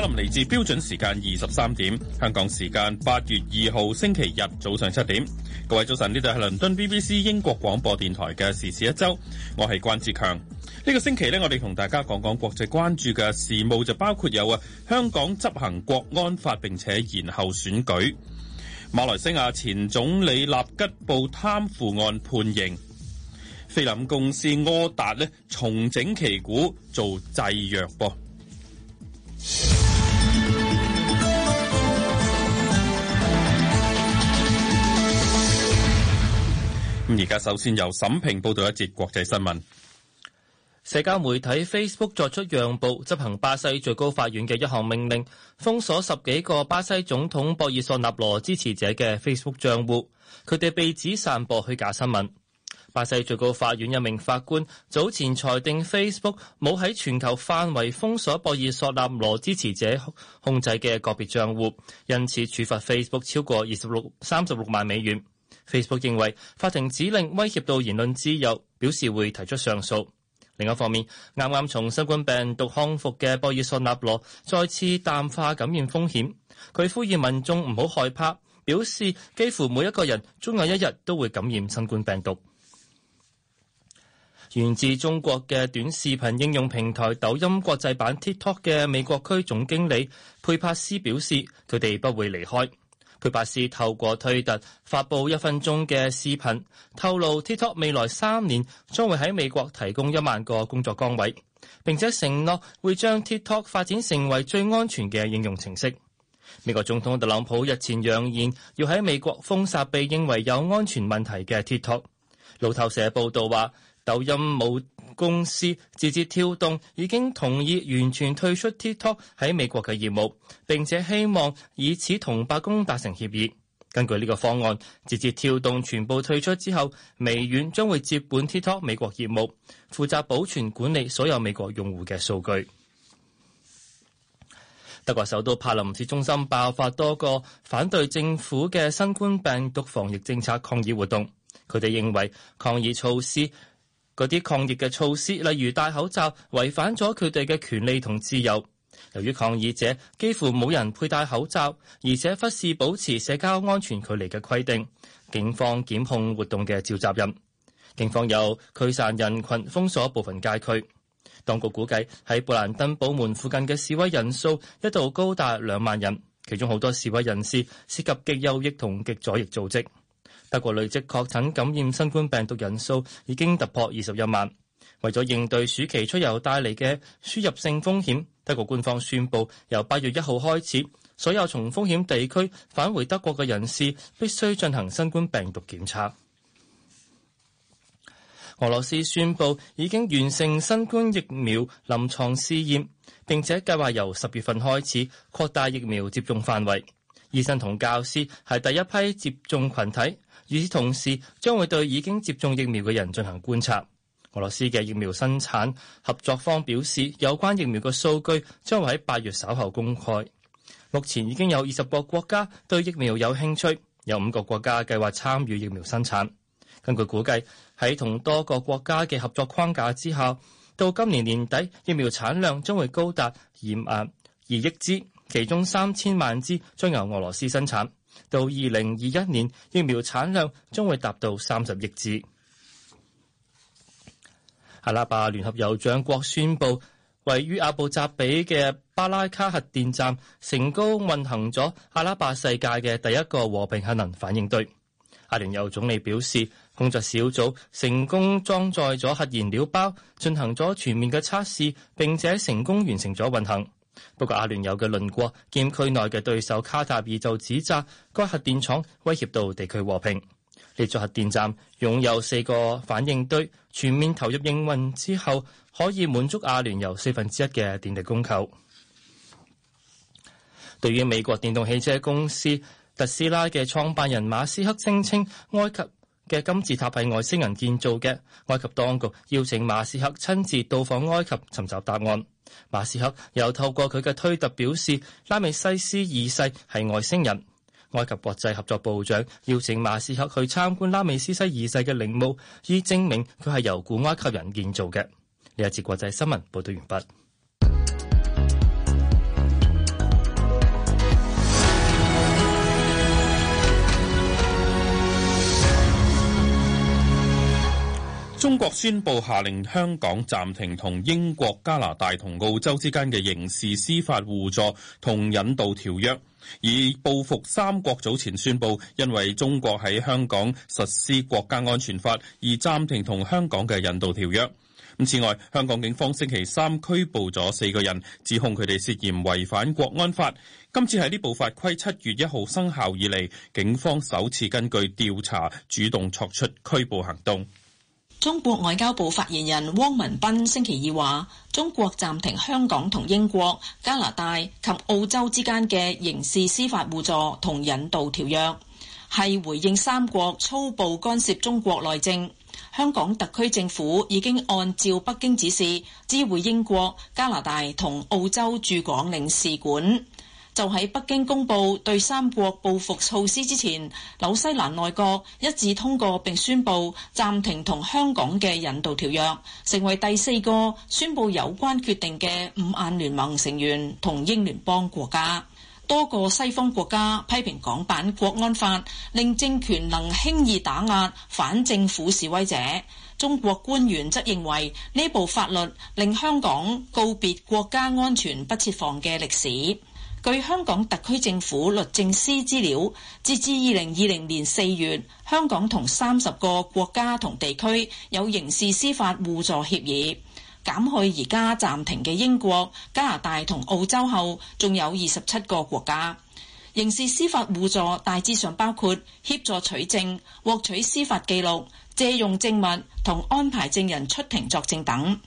格林嚟自標準時間二十三點，香港時間八月二號星期日早上七點。各位早晨，呢度係倫敦 BBC 英國廣播電台嘅時事一周。我係關志強。呢、這個星期咧，我哋同大家講講國際關注嘅事務，就包括有啊，香港執行國安法並且延後選舉，馬來西亞前總理納吉布貪腐案判刑，菲林公司柯達咧重整旗鼓做製藥噃。咁而家首先由沈平報道一節國際新聞。社交媒體 Facebook 作出讓步，執行巴西最高法院嘅一項命令，封鎖十幾個巴西總統博爾索納羅支持者嘅 Facebook 賬戶。佢哋被指散播虛假新聞。巴西最高法院一名法官早前裁定 Facebook 冇喺全球範圍封鎖博爾索納羅支持者控制嘅個別賬戶，因此處罰 Facebook 超過二十六三十六萬美元。Facebook 認為法庭指令威脅到言論自由，表示會提出上訴。另一方面，啱啱從新冠病毒康復嘅波爾索納羅再次淡化感染風險，佢呼籲民眾唔好害怕，表示幾乎每一個人終有一日都會感染新冠病毒。源自中國嘅短視頻應用平台抖音國際版 TikTok 嘅美國區總經理佩帕斯表示，佢哋不會離開。佢百事透過推特發布一分鐘嘅視頻，透露 TikTok 未來三年將會喺美國提供一萬個工作崗位，並且承諾會將 TikTok 發展成為最安全嘅應用程式。美國總統特朗普日前揚言要喺美國封殺被認為有安全問題嘅 TikTok。路透社報道話，抖音冇公司字節跳動已經同意完全退出 TikTok 喺美國嘅業務，並且希望以此同白宮達成協議。根據呢個方案，字節跳動全部退出之後，微軟將會接管 TikTok 美國業務，負責保存管理所有美國用戶嘅數據。德國首都柏林市中心爆發多個反對政府嘅新冠病毒防疫政策抗議活動，佢哋認為抗議措施。嗰啲抗疫嘅措施，例如戴口罩，違反咗佢哋嘅權利同自由。由於抗議者幾乎冇人佩戴口罩，而且忽視保持社交安全距離嘅規定，警方檢控活動嘅召集人。警方有驅散人群、封鎖部分街區。當局估計喺布蘭登堡門附近嘅示威人數一度高達兩萬人，其中好多示威人士涉及極右翼同極左翼組織。德國累積確診感染新冠病毒人數已經突破二十一萬。為咗應對暑期出遊帶嚟嘅輸入性風險，德國官方宣布由八月一號開始，所有從風險地區返回德國嘅人士必須進行新冠病毒檢測。俄羅斯宣布已經完成新冠疫苗臨床試驗，並且計劃由十月份開始擴大疫苗接種範圍。醫生同教師係第一批接種群體。與此同時將會對已經接種疫苗嘅人進行觀察。俄羅斯嘅疫苗生產合作方表示，有關疫苗嘅數據將會喺八月稍後公開。目前已經有二十個國家對疫苗有興趣，有五個國家計劃參與疫苗生產。根據估計，喺同多個國家嘅合作框架之下，到今年年底疫苗產量將會高達二萬二億支，其中三千萬支將由俄羅斯生產。到二零二一年，疫苗產量將會達到三十億支。阿拉伯聯合酋長國宣佈，位於阿布扎比嘅巴拉卡核電站成功運行咗阿拉伯世界嘅第一個和平核能反應堆。阿聯酋總理表示，工作小組成功裝載咗核燃料包，進行咗全面嘅測試，並且成功完成咗運行。不過，阿聯酋嘅鄰國兼區內嘅對手卡塔爾就指責該核電廠威脅到地區和平。呢座核電站擁有四個反應堆，全面投入營運之後，可以滿足阿聯酋四分之一嘅電力供求。對於美國電動汽車公司特斯拉嘅創辦人馬斯克聲稱埃及嘅金字塔係外星人建造嘅，埃及當局邀請馬斯克親自到訪埃及尋找答案。馬斯克又透過佢嘅推特表示，拉美西斯二世係外星人。埃及國際合作部長邀請馬斯克去參觀拉美西斯二世嘅陵墓，以證明佢係由古埃及人建造嘅。呢一節國際新聞報道完畢。中國宣佈下令香港暫停同英國、加拿大同澳洲之間嘅刑事司法互助同引渡條約，以報復三國早前宣佈，因為中國喺香港實施國家安全法而暫停同香港嘅引渡條約。咁此外，香港警方星期三拘捕咗四個人，指控佢哋涉嫌違反國安法。今次喺呢部法規七月一號生效以嚟，警方首次根據調查主動作出拘捕行動。中國外交部發言人汪文斌星期二話：中國暫停香港同英國、加拿大及澳洲之間嘅刑事司法互助同引渡條約，係回應三國粗暴干涉中國內政。香港特區政府已經按照北京指示，知會英國、加拿大同澳洲駐港領事館。就喺北京公布對三國報復措施之前，紐西蘭內閣一致通過並宣布暫停同香港嘅引渡條約，成為第四個宣布有關決定嘅五眼聯盟成員同英聯邦國家。多個西方國家批評港版國安法，令政權能輕易打壓反政府示威者。中國官員則認為呢部法律令香港告別國家安全不設防嘅歷史。據香港特區政府律政司資料，截至二零二零年四月，香港同三十個國家同地區有刑事司法互助協議，減去而家暫停嘅英國、加拿大同澳洲後，仲有二十七個國家。刑事司法互助大致上包括協助取證、獲取司法記錄、借用證物同安排證人出庭作證等。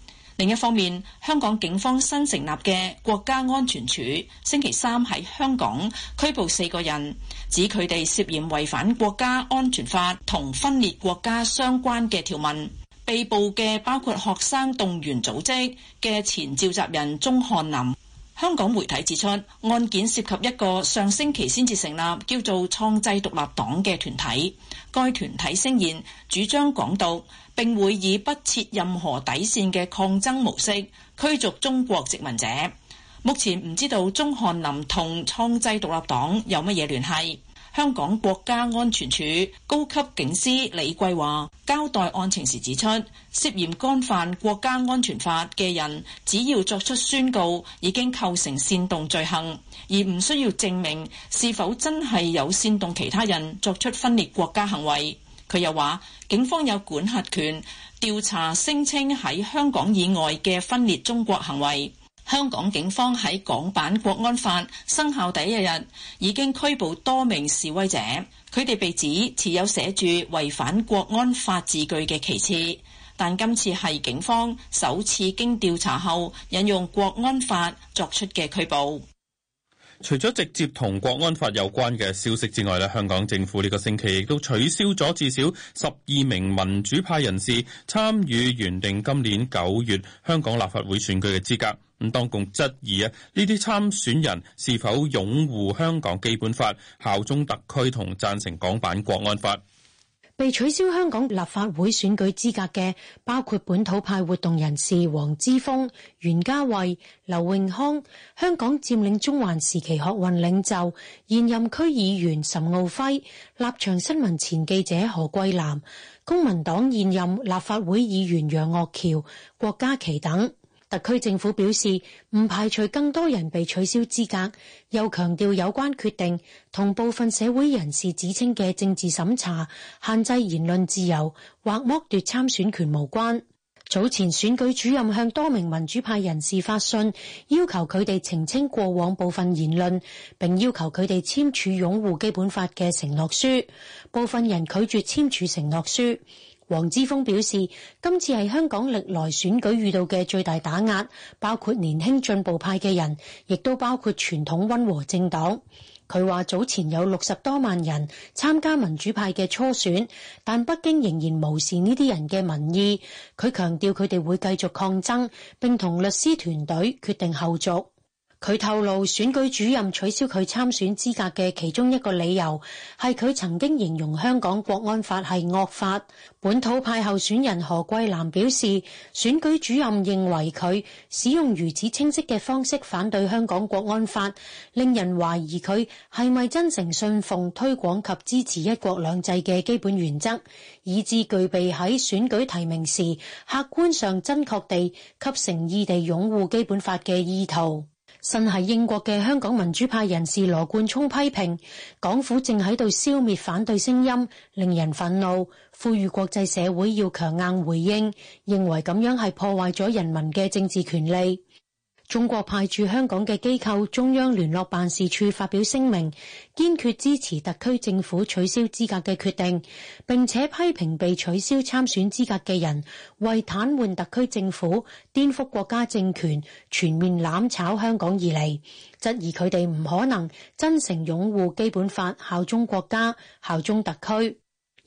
另一方面，香港警方新成立嘅國家安全處星期三喺香港拘捕四個人，指佢哋涉嫌違反國家安全法同分裂國家相關嘅條文。被捕嘅包括學生動員組織嘅前召集人鍾翰林。香港媒體指出，案件涉及一個上星期先至成立，叫做創制獨立黨嘅團體。該團體聲言，主張港獨並會以不設任何底線嘅抗爭模式驅逐中國殖民者。目前唔知道鍾翰林同創制獨立黨有乜嘢聯繫。香港國家安全處高級警司李桂華，交代案情時指出，涉嫌干犯國家安全法嘅人，只要作出宣告，已經構成煽動罪行，而唔需要證明是否真係有煽動其他人作出分裂國家行為。佢又話，警方有管轄權調查聲稱喺香港以外嘅分裂中國行為。香港警方喺港版國安法生效第一日，已經拘捕多名示威者，佢哋被指持有寫住違反國安法字句嘅旗幟。但今次係警方首次經調查後引用國安法作出嘅拘捕。除咗直接同國安法有關嘅消息之外咧，香港政府呢個星期亦都取消咗至少十二名民主派人士參與原定今年九月香港立法會選舉嘅資格。咁，當局質疑啊，呢啲參選人是否擁護香港基本法、效忠特區同贊成港版國安法？被取消香港立法會選舉資格嘅包括本土派活動人士黃之鋒、袁家慧、劉永康、香港佔領中環時期學運領袖現任區議員岑奧輝、立場新聞前記者何桂南、公民黨現任立法會議員楊岳橋、郭家麒等。特區政府表示，唔排除更多人被取消資格，又強調有關決定同部分社會人士指稱嘅政治審查、限制言論自由或剝奪參選權無關。早前選舉主任向多名民主派人士發信，要求佢哋澄清過往部分言論，並要求佢哋簽署擁護基本法嘅承諾書。部分人拒絕簽署承諾書。黃之鋒表示，今次係香港歷來選舉遇到嘅最大打壓，包括年輕進步派嘅人，亦都包括傳統溫和政黨，佢話早前有六十多萬人參加民主派嘅初選，但北京仍然無視呢啲人嘅民意。佢強調佢哋會繼續抗爭，並同律師團隊決定後續。佢透露，選舉主任取消佢參選資格嘅其中一個理由係佢曾經形容香港國安法係惡法。本土派候選人何桂藍表示，選舉主任認為佢使用如此清晰嘅方式反對香港國安法，令人懷疑佢係咪真誠信奉推廣及支持一國兩制嘅基本原則，以致具備喺選舉提名時客觀上真確地及誠意地擁護基本法嘅意圖。身係英國嘅香港民主派人士羅冠聰批評，港府正喺度消滅反對聲音，令人憤怒，呼籲國際社會要強硬回應，認為咁樣係破壞咗人民嘅政治權利。中國派駐香港嘅機構中央聯絡辦事處發表聲明，堅決支持特區政府取消資格嘅決定，並且批評被取消參選資格嘅人為癱瘓特區政府、顛覆國家政權、全面攬炒香港而嚟，質疑佢哋唔可能真誠擁護基本法、效忠國家、效忠特區。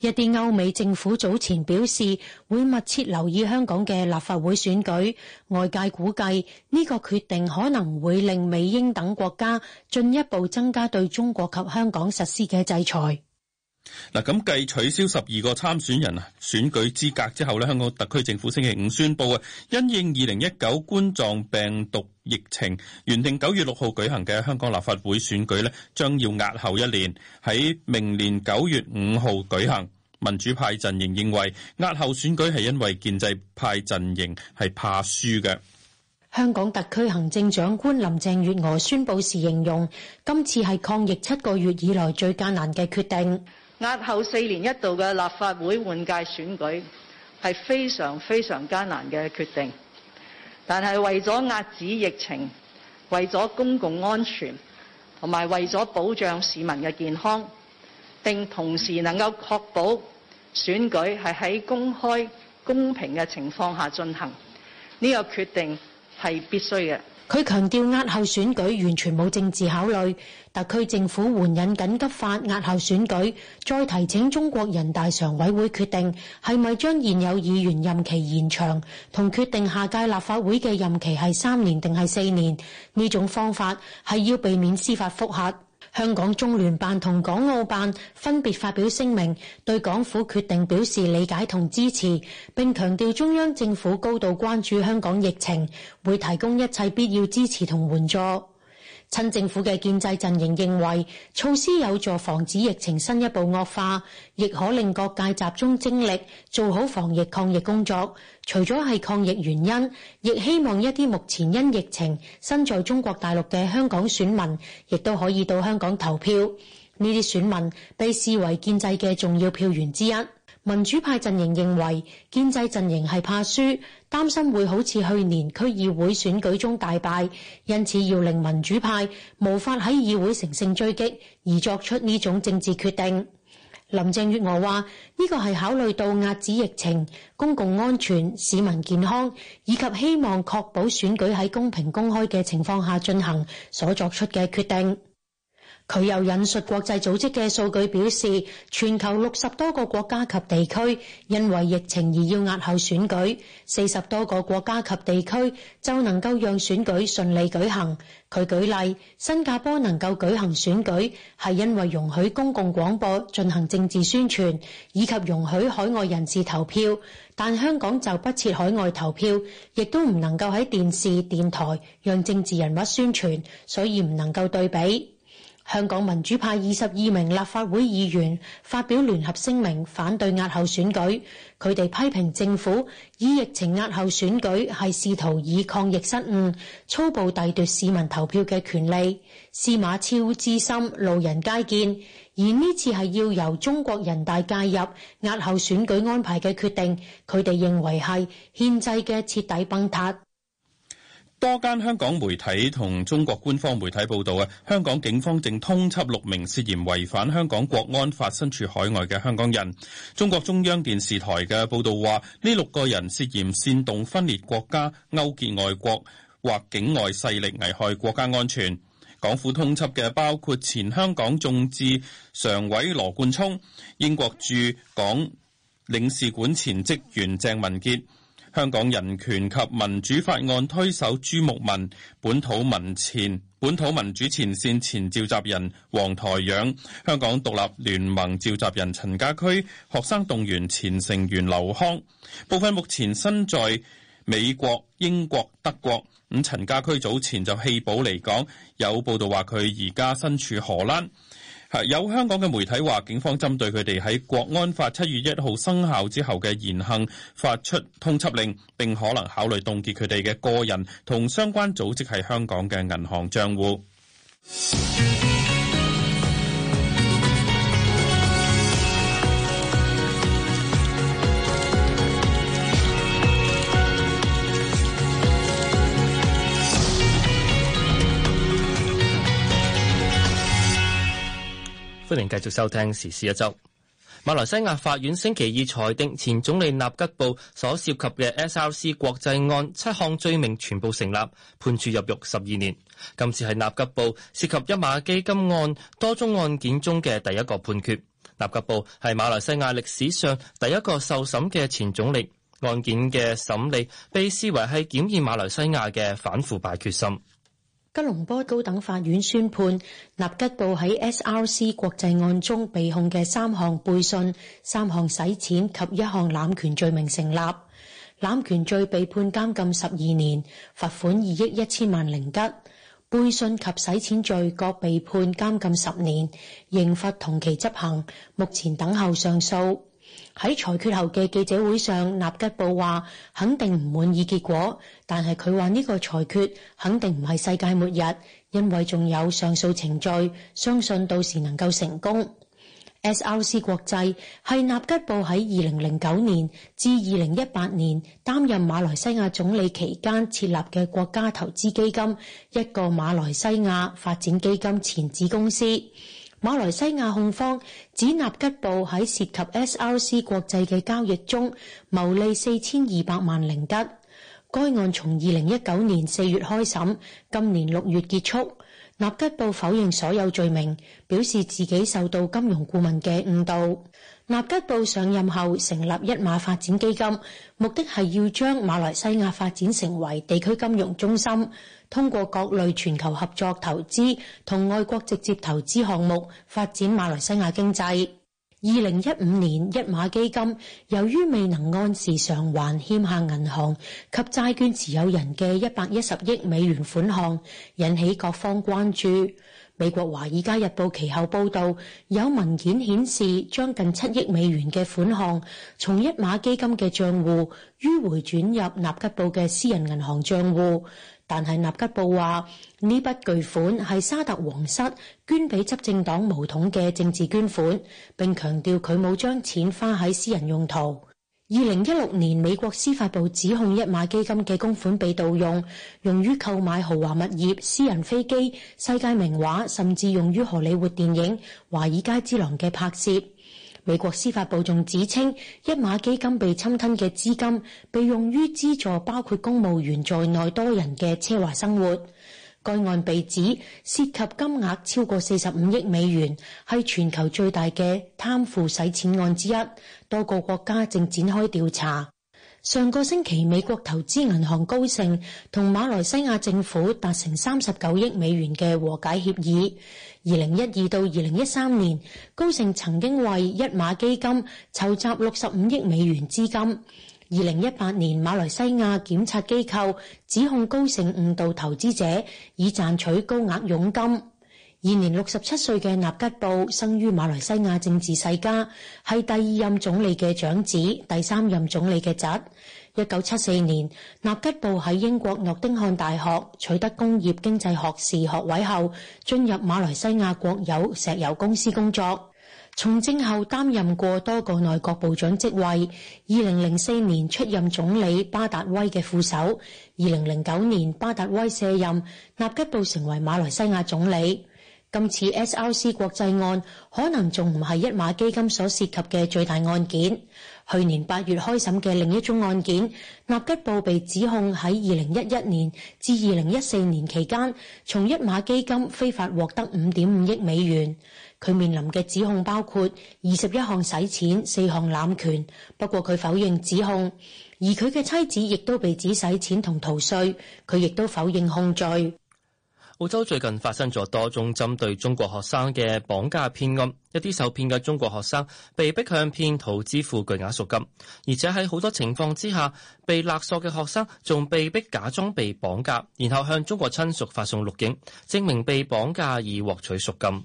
一啲歐美政府早前表示會密切留意香港嘅立法會選舉，外界估計呢個決定可能會令美英等國家進一步增加對中國及香港實施嘅制裁。嗱，咁繼取消十二個參選人啊選舉資格之後咧，香港特區政府星期五宣布啊，因應二零一九冠狀病毒疫情，原定九月六號舉行嘅香港立法會選舉咧，將要押後一年，喺明年九月五號舉行。民主派陣營認為押後選舉係因為建制派陣營係怕輸嘅。香港特區行政長官林鄭月娥宣布時形容，今次係抗疫七個月以來最艱難嘅決定。押後四年一度嘅立法會換屆選舉係非常非常艱難嘅決定，但係為咗遏止疫情，為咗公共安全，同埋為咗保障市民嘅健康。定同時能夠確保選舉係喺公開公平嘅情況下進行，呢個決定係必須嘅。佢強調押後選舉完全冇政治考慮，特區政府援引緊急法押後選舉再提請中國人大常委會決定係咪將現有議員任期延長，同決定下屆立法會嘅任期係三年定係四年呢種方法係要避免司法覆核。香港中聯辦同港澳辦分別發表聲明，對港府決定表示理解同支持，並強調中央政府高度關注香港疫情，會提供一切必要支持同援助。趁政府嘅建制陣營認為措施有助防止疫情新一步惡化，亦可令各界集中精力做好防疫抗疫工作。除咗係抗疫原因，亦希望一啲目前因疫情身在中國大陸嘅香港選民，亦都可以到香港投票。呢啲選民被視為建制嘅重要票源之一。民主派陣營認為，建制陣營係怕輸，擔心會好似去年區議會選舉中大敗，因此要令民主派無法喺議會乘勝追擊，而作出呢種政治決定。林鄭月娥話：呢個係考慮到壓止疫情、公共安全、市民健康，以及希望確保選舉喺公平公開嘅情況下進行所作出嘅決定。佢又引述國際組織嘅數據，表示全球六十多個國家及地區因為疫情而要押後選舉，四十多個國家及地區就能夠讓選舉順利舉行。佢舉例，新加坡能夠舉行選舉係因為容許公共廣播進行政治宣傳，以及容許海外人士投票，但香港就不設海外投票，亦都唔能夠喺電視、電台讓政治人物宣傳，所以唔能夠對比。香港民主派二十二名立法會議員發表聯合聲明反對押後選舉，佢哋批評政府以疫情押後選舉係試圖以抗疫失誤粗暴褫奪市民投票嘅權利，司馬昭之心路人皆見，而呢次係要由中國人大介入押後選舉安排嘅決定，佢哋認為係憲制嘅徹底崩塌。多間香港媒體同中國官方媒體報道啊，香港警方正通緝六名涉嫌違反香港國安法身處海外嘅香港人。中國中央電視台嘅報道話，呢六個人涉嫌煽動分裂國家、勾結外國或境外勢力危害國家安全。港府通緝嘅包括前香港眾志常委羅冠聰、英國駐港領事館前職員鄭文傑。香港人權及民主法案推手朱牧民、本土民前本土民主前線前召集人黃台仰、香港獨立聯盟召集人陳家駒、學生動員前成員劉康，部分目前身在美國、英國、德國。咁陳家駒早前就棄保離港，有報道話佢而家身處荷蘭。係有香港嘅媒體話，警方針對佢哋喺《國安法》七月一號生效之後嘅言行，發出通緝令，並可能考慮凍結佢哋嘅個人同相關組織喺香港嘅銀行賬戶。歡迎繼續收聽時事一周。馬來西亞法院星期二裁定前總理納吉布所涉及嘅 SRC 國際案七項罪名全部成立，判處入獄十二年。今次係納吉布涉及一馬基金案多宗案件中嘅第一個判決。納吉布係馬來西亞歷史上第一個受審嘅前總理，案件嘅審理被視為係檢驗馬來西亞嘅反腐敗決心。吉隆坡高等法院宣判納吉布喺 S R C 國際案中被控嘅三項背信、三項洗錢及一項濫權罪名成立，濫權罪被判監禁十二年，罰款二億一千萬零吉，背信及洗錢罪各被判監禁十年，刑罰同期執行，目前等候上訴。喺裁決後嘅記者會上，納吉布話肯定唔滿意結果，但係佢話呢個裁決肯定唔係世界末日，因為仲有上訴程序，相信到時能夠成功。SRC 國際係納吉布喺二零零九年至二零一八年擔任馬來西亞總理期間設立嘅國家投資基金，一個馬來西亞發展基金前子公司。馬來西亞控方指納吉布喺涉及 S R C 國際嘅交易中牟利4200萬令吉。該案從2019年4月開審，今年6月結束。納吉布否認所有罪名，表示自己受到金融顧問嘅誤導。納吉布上任後成立一馬發展基金，目的係要將馬來西亞發展成為地區金融中心。通過各類全球合作投資同外國直接投資項目發展馬來西亞經濟。二零一五年，一馬基金由於未能按時償還欠下銀行及債券持有人嘅一百一十億美元款項，引起各方關注。美國《華爾街日報》其後報道，有文件顯示，將近七億美元嘅款項從一馬基金嘅賬戶迂回轉入納吉布嘅私人銀行賬戶。但係納吉布話，呢筆巨款係沙特皇室捐俾執政黨巫統嘅政治捐款，並強調佢冇將錢花喺私人用途。二零一六年，美國司法部指控一馬基金嘅公款被盜用，用於購買豪華物業、私人飛機、世界名畫，甚至用於荷里活電影《華爾街之狼》嘅拍攝。美國司法部仲指稱，一馬基金被侵吞嘅資金被用於資助包括公務員在內多人嘅奢華生活。該案被指涉及金額超過四十五億美元，係全球最大嘅貪腐洗錢案之一。多個國家正展開調查。上個星期，美國投資銀行高盛同馬來西亞政府達成三十九億美元嘅和解協議。二零一二到二零一三年，高盛曾經為一馬基金籌集六十五億美元資金。二零一八年，馬來西亞檢察機構指控高盛誤導投資者，以賺取高額佣金。現年六十七歲嘅納吉布，生於馬來西亞政治世家，係第二任總理嘅長子，第三任總理嘅侄。一九七四年，納吉布喺英國諾丁漢大學取得工業經濟學士學位後，進入馬來西亞國有石油公司工作。從政後擔任過多個內閣部長職位。二零零四年出任總理巴達威嘅副手。二零零九年巴達威卸任，納吉布成為馬來西亞總理。今次 SRC 國際案可能仲唔係一馬基金所涉及嘅最大案件。去年八月開審嘅另一宗案件，納吉布被指控，喺二零一一年至二零一四年期間，從一馬基金非法獲得五點五億美元。佢面臨嘅指控包括二十一項洗錢、四項濫權，不過佢否認指控。而佢嘅妻子亦都被指洗錢同逃稅，佢亦都否認控罪。澳洲最近發生咗多宗針對中國學生嘅綁架騙案，一啲受騙嘅中國學生被逼向騙徒支付巨額贖金，而且喺好多情況之下，被勒索嘅學生仲被逼假裝被綁架，然後向中國親屬發送錄影，證明被綁架以獲取贖金。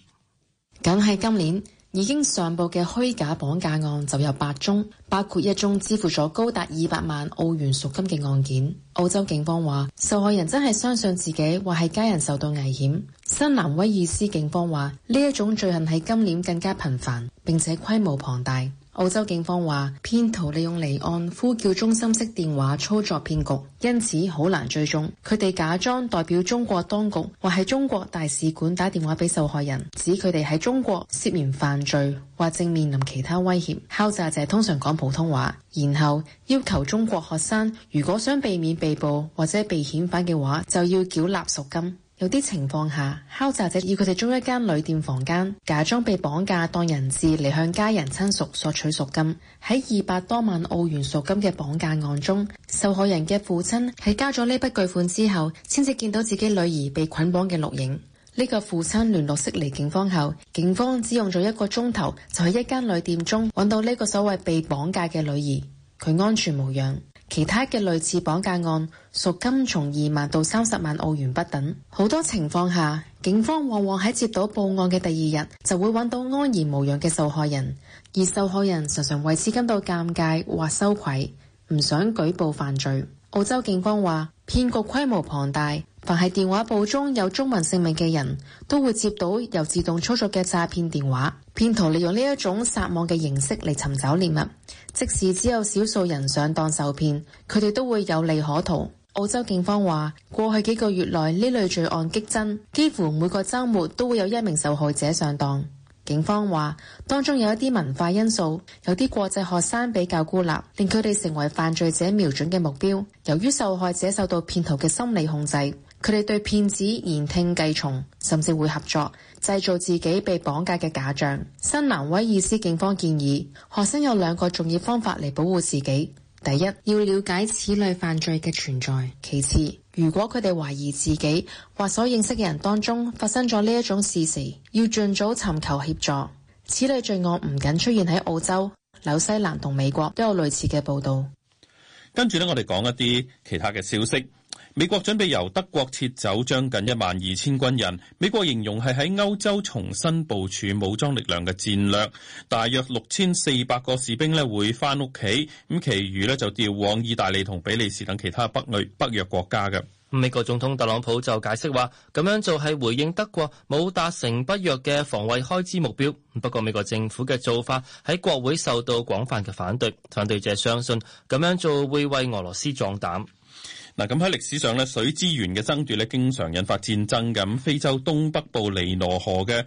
梗係今年。已經上報嘅虛假綁架案就有八宗，包括一宗支付咗高達二百萬澳元贖金嘅案件。澳洲警方話，受害人真係相信自己或係家人受到危險。新南威爾斯警方話，呢種罪行喺今年更加頻繁，並且規模龐大。澳洲警方話，騙徒利用離岸呼叫中心式電話操作騙局，因此好難追蹤。佢哋假裝代表中國當局或係中國大使館打電話俾受害人，指佢哋喺中國涉嫌犯罪或正面臨其他威脅。敲詐者通常講普通話，然後要求中國學生如果想避免被捕或者被遣返嘅話，就要繳納贖金。有啲情況下，敲詐者要佢哋租一間旅店房間，假裝被綁架當人質，嚟向家人親屬索取贖金。喺二百多萬澳元贖金嘅綁架案中，受害人嘅父親喺交咗呢筆巨款之後，先至見到自己女兒被捆綁嘅錄影。呢、這個父親聯絡悉尼警方後，警方只用咗一個鐘頭，就喺一間旅店中揾到呢個所謂被綁架嘅女兒，佢安全無恙。其他嘅類似綁架案，贖金從二萬到三十萬澳元不等。好多情況下，警方往往喺接到報案嘅第二日就會揾到安然無恙嘅受害人，而受害人常常為此感到尷尬或羞愧，唔想舉報犯罪。澳洲警方話，騙局規模龐大，凡係電話簿中有中文姓名嘅人都會接到由自動操作嘅詐騙電話。騙徒利用呢一種撒網嘅形式嚟尋找獵物，即使只有少數人上當受騙，佢哋都會有利可圖。澳洲警方話，過去幾個月內呢類罪案激增，幾乎每個周末都會有一名受害者上當。警方話當中有一啲文化因素，有啲國際學生比較孤立，令佢哋成為犯罪者瞄準嘅目標。由於受害者受到騙徒嘅心理控制，佢哋對騙子言聽計從，甚至會合作製造自己被綁架嘅假象。新南威爾斯警方建議學生有兩個重要方法嚟保護自己：第一，要了解此類犯罪嘅存在；其次，如果佢哋懷疑自己或所認識嘅人當中發生咗呢一種事時，要盡早尋求協助。此類罪案唔僅出現喺澳洲、紐西蘭同美國，都有類似嘅報道。跟住咧，我哋講一啲其他嘅消息。美國準備由德國撤走將近一萬二千軍人，美國形容係喺歐洲重新部署武裝力量嘅戰略，大約六千四百個士兵呢會翻屋企，咁其餘呢就調往意大利同比利時等其他北約北約國家嘅。美國總統特朗普就解釋話，咁樣做係回應德國冇達成北約嘅防衛開支目標。不過美國政府嘅做法喺國會受到廣泛嘅反對，反對者相信咁樣做會為俄羅斯壯膽。嗱，咁喺歷史上咧，水資源嘅爭奪咧，經常引發戰爭咁。非洲東北部尼羅河嘅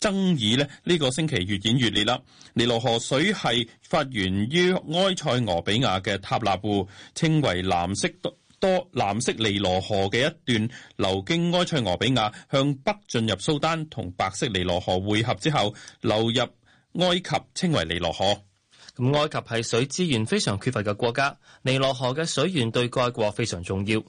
爭議咧，呢、這個星期越演越烈啦。尼羅河水系發源於埃塞俄比亞嘅塔納湖，稱為藍色多多藍色尼羅河嘅一段，流經埃塞俄比亞向北進入蘇丹，同白色尼羅河匯合之後，流入埃及，稱為尼羅河。埃及係水資源非常缺乏嘅國家，尼羅河嘅水源對該國非常重要。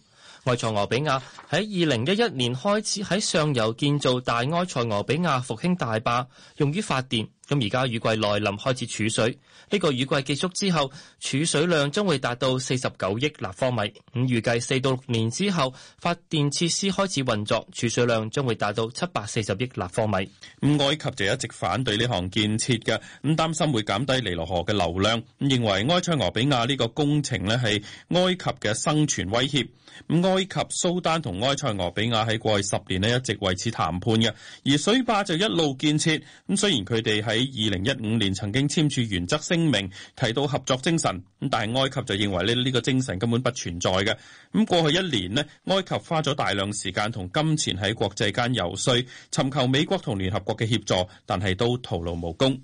埃塞俄比亞喺二零一一年開始喺上游建造大埃塞俄比亞復興大壩，用於發電。噉而家雨季來臨，開始儲水。呢個雨季結束之後，儲水量將會達到四十九億立方米。咁預計四到六年之後，發電設施開始運作，儲水量將會達到七百四十億立方米。咁埃及就一直反對呢項建設嘅，咁擔心會減低尼羅河嘅流量，咁認為埃塞俄比亞呢個工程咧係埃及嘅生存威脅。咁埃及、蘇丹同埃塞俄比亞喺過去十年咧一直為此談判嘅，而水壩就一路建設。咁雖然佢哋喺二零一五年曾經簽署原則。聲明提到合作精神，但係埃及就認為呢呢個精神根本不存在嘅。咁過去一年呢，埃及花咗大量時間同金錢喺國際間遊說，尋求美國同聯合國嘅協助，但係都徒勞無功。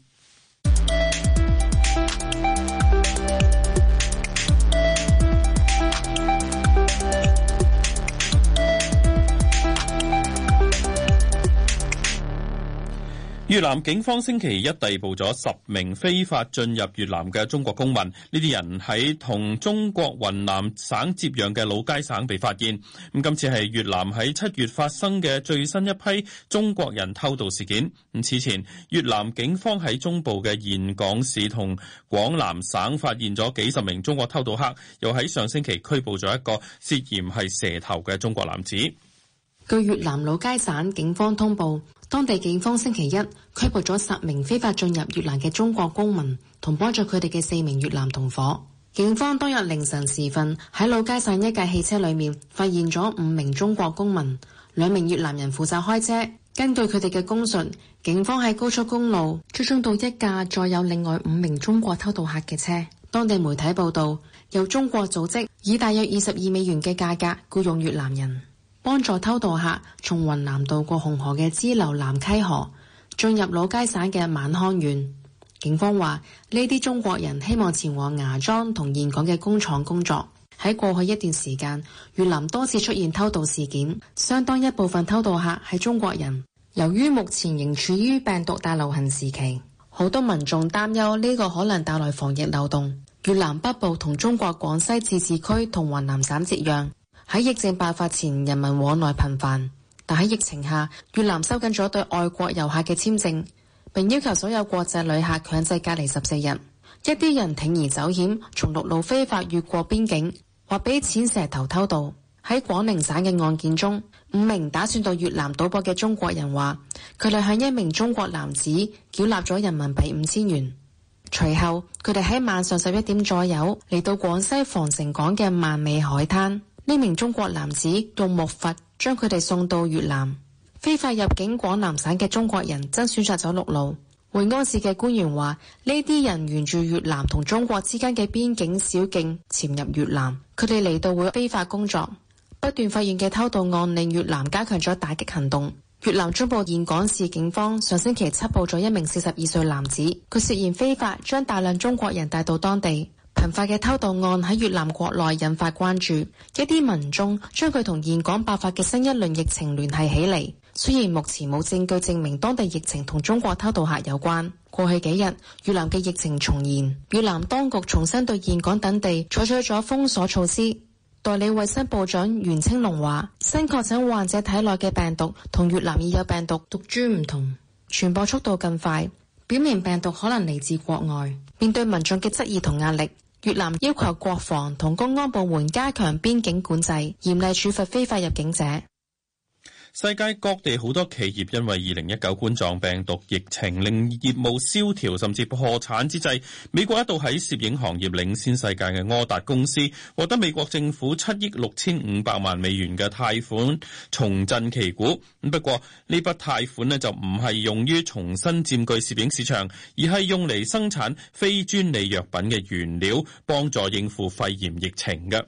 越南警方星期一逮捕咗十名非法進入越南嘅中國公民。呢啲人喺同中國雲南省接壤嘅老街省被發現。咁今次係越南喺七月發生嘅最新一批中國人偷渡事件。咁此前，越南警方喺中部嘅峴港市同廣南省發現咗幾十名中國偷渡客，又喺上星期拘捕咗一個涉嫌係蛇頭嘅中國男子。據越南老街省警方通報。當地警方星期一拘捕咗十名非法進入越南嘅中國公民，同幫助佢哋嘅四名越南同伙。警方當日凌晨時分喺老街上一架汽車裏面發現咗五名中國公民，兩名越南人負責開車。根據佢哋嘅供述，警方喺高速公路追蹤到一架載有另外五名中國偷渡客嘅車。當地媒體報道，由中國組織以大約二十二美元嘅價格雇用越南人。幫助偷渡客從雲南渡過紅河嘅支流南溪河，進入老街省嘅晚康縣。警方話呢啲中國人希望前往芽莊同岘港嘅工廠工作。喺過去一段時間，越南多次出現偷渡事件，相當一部分偷渡客係中國人。由於目前仍處於病毒大流行時期，好多民眾擔憂呢個可能帶來防疫漏洞。越南北部同中國廣西自治區同雲南省接壤。喺疫症爆發前，人民往來頻繁，但喺疫情下，越南收緊咗對外國遊客嘅簽證，並要求所有國際旅客強制隔離十四日。一啲人鋌而走險，從陸路非法越過邊境，或俾錢蛇頭偷渡。喺廣寧省嘅案件中，五名打算到越南賭博嘅中國人話，佢哋向一名中國男子繳納咗人民幣五千元，隨後佢哋喺晚上十一點左右嚟到廣西防城港嘅萬尾海灘。呢名中國男子用木筏將佢哋送到越南。非法入境廣南省嘅中國人真選擇咗陸路。會安市嘅官員話：呢啲人沿住越南同中國之間嘅邊境小徑潛入越南，佢哋嚟到會非法工作。不斷發現嘅偷渡案令越南加強咗打擊行動。越南中部峴港市警方上星期緝捕咗一名四十二歲男子，佢涉嫌非法將大量中國人帶到當地。頻繁嘅偷渡案喺越南國內引發關注，一啲民眾將佢同峴港爆發嘅新一輪疫情聯繫起嚟。雖然目前冇證據證明當地疫情同中國偷渡客有關，過去幾日越南嘅疫情重現，越南當局重新對峴港等地採取咗封鎖措施。代理衛生部長阮青龍話：新確診患者體內嘅病毒同越南已有病毒毒株唔同，傳播速度更快，表明病毒可能嚟自國外。面對民眾嘅質疑同壓力，越南要求國防同公安部門加強邊境管制，嚴厲處罰非法入境者。世界各地好多企業因為二零一九冠狀病毒疫情令業務蕭條甚至破產之際，美國一度喺攝影行業領先世界嘅柯達公司獲得美國政府七億六千五百萬美元嘅貸款重振旗鼓。不過呢筆貸款呢就唔係用於重新佔據攝影市場，而係用嚟生產非專利藥品嘅原料，幫助應付肺炎疫情嘅。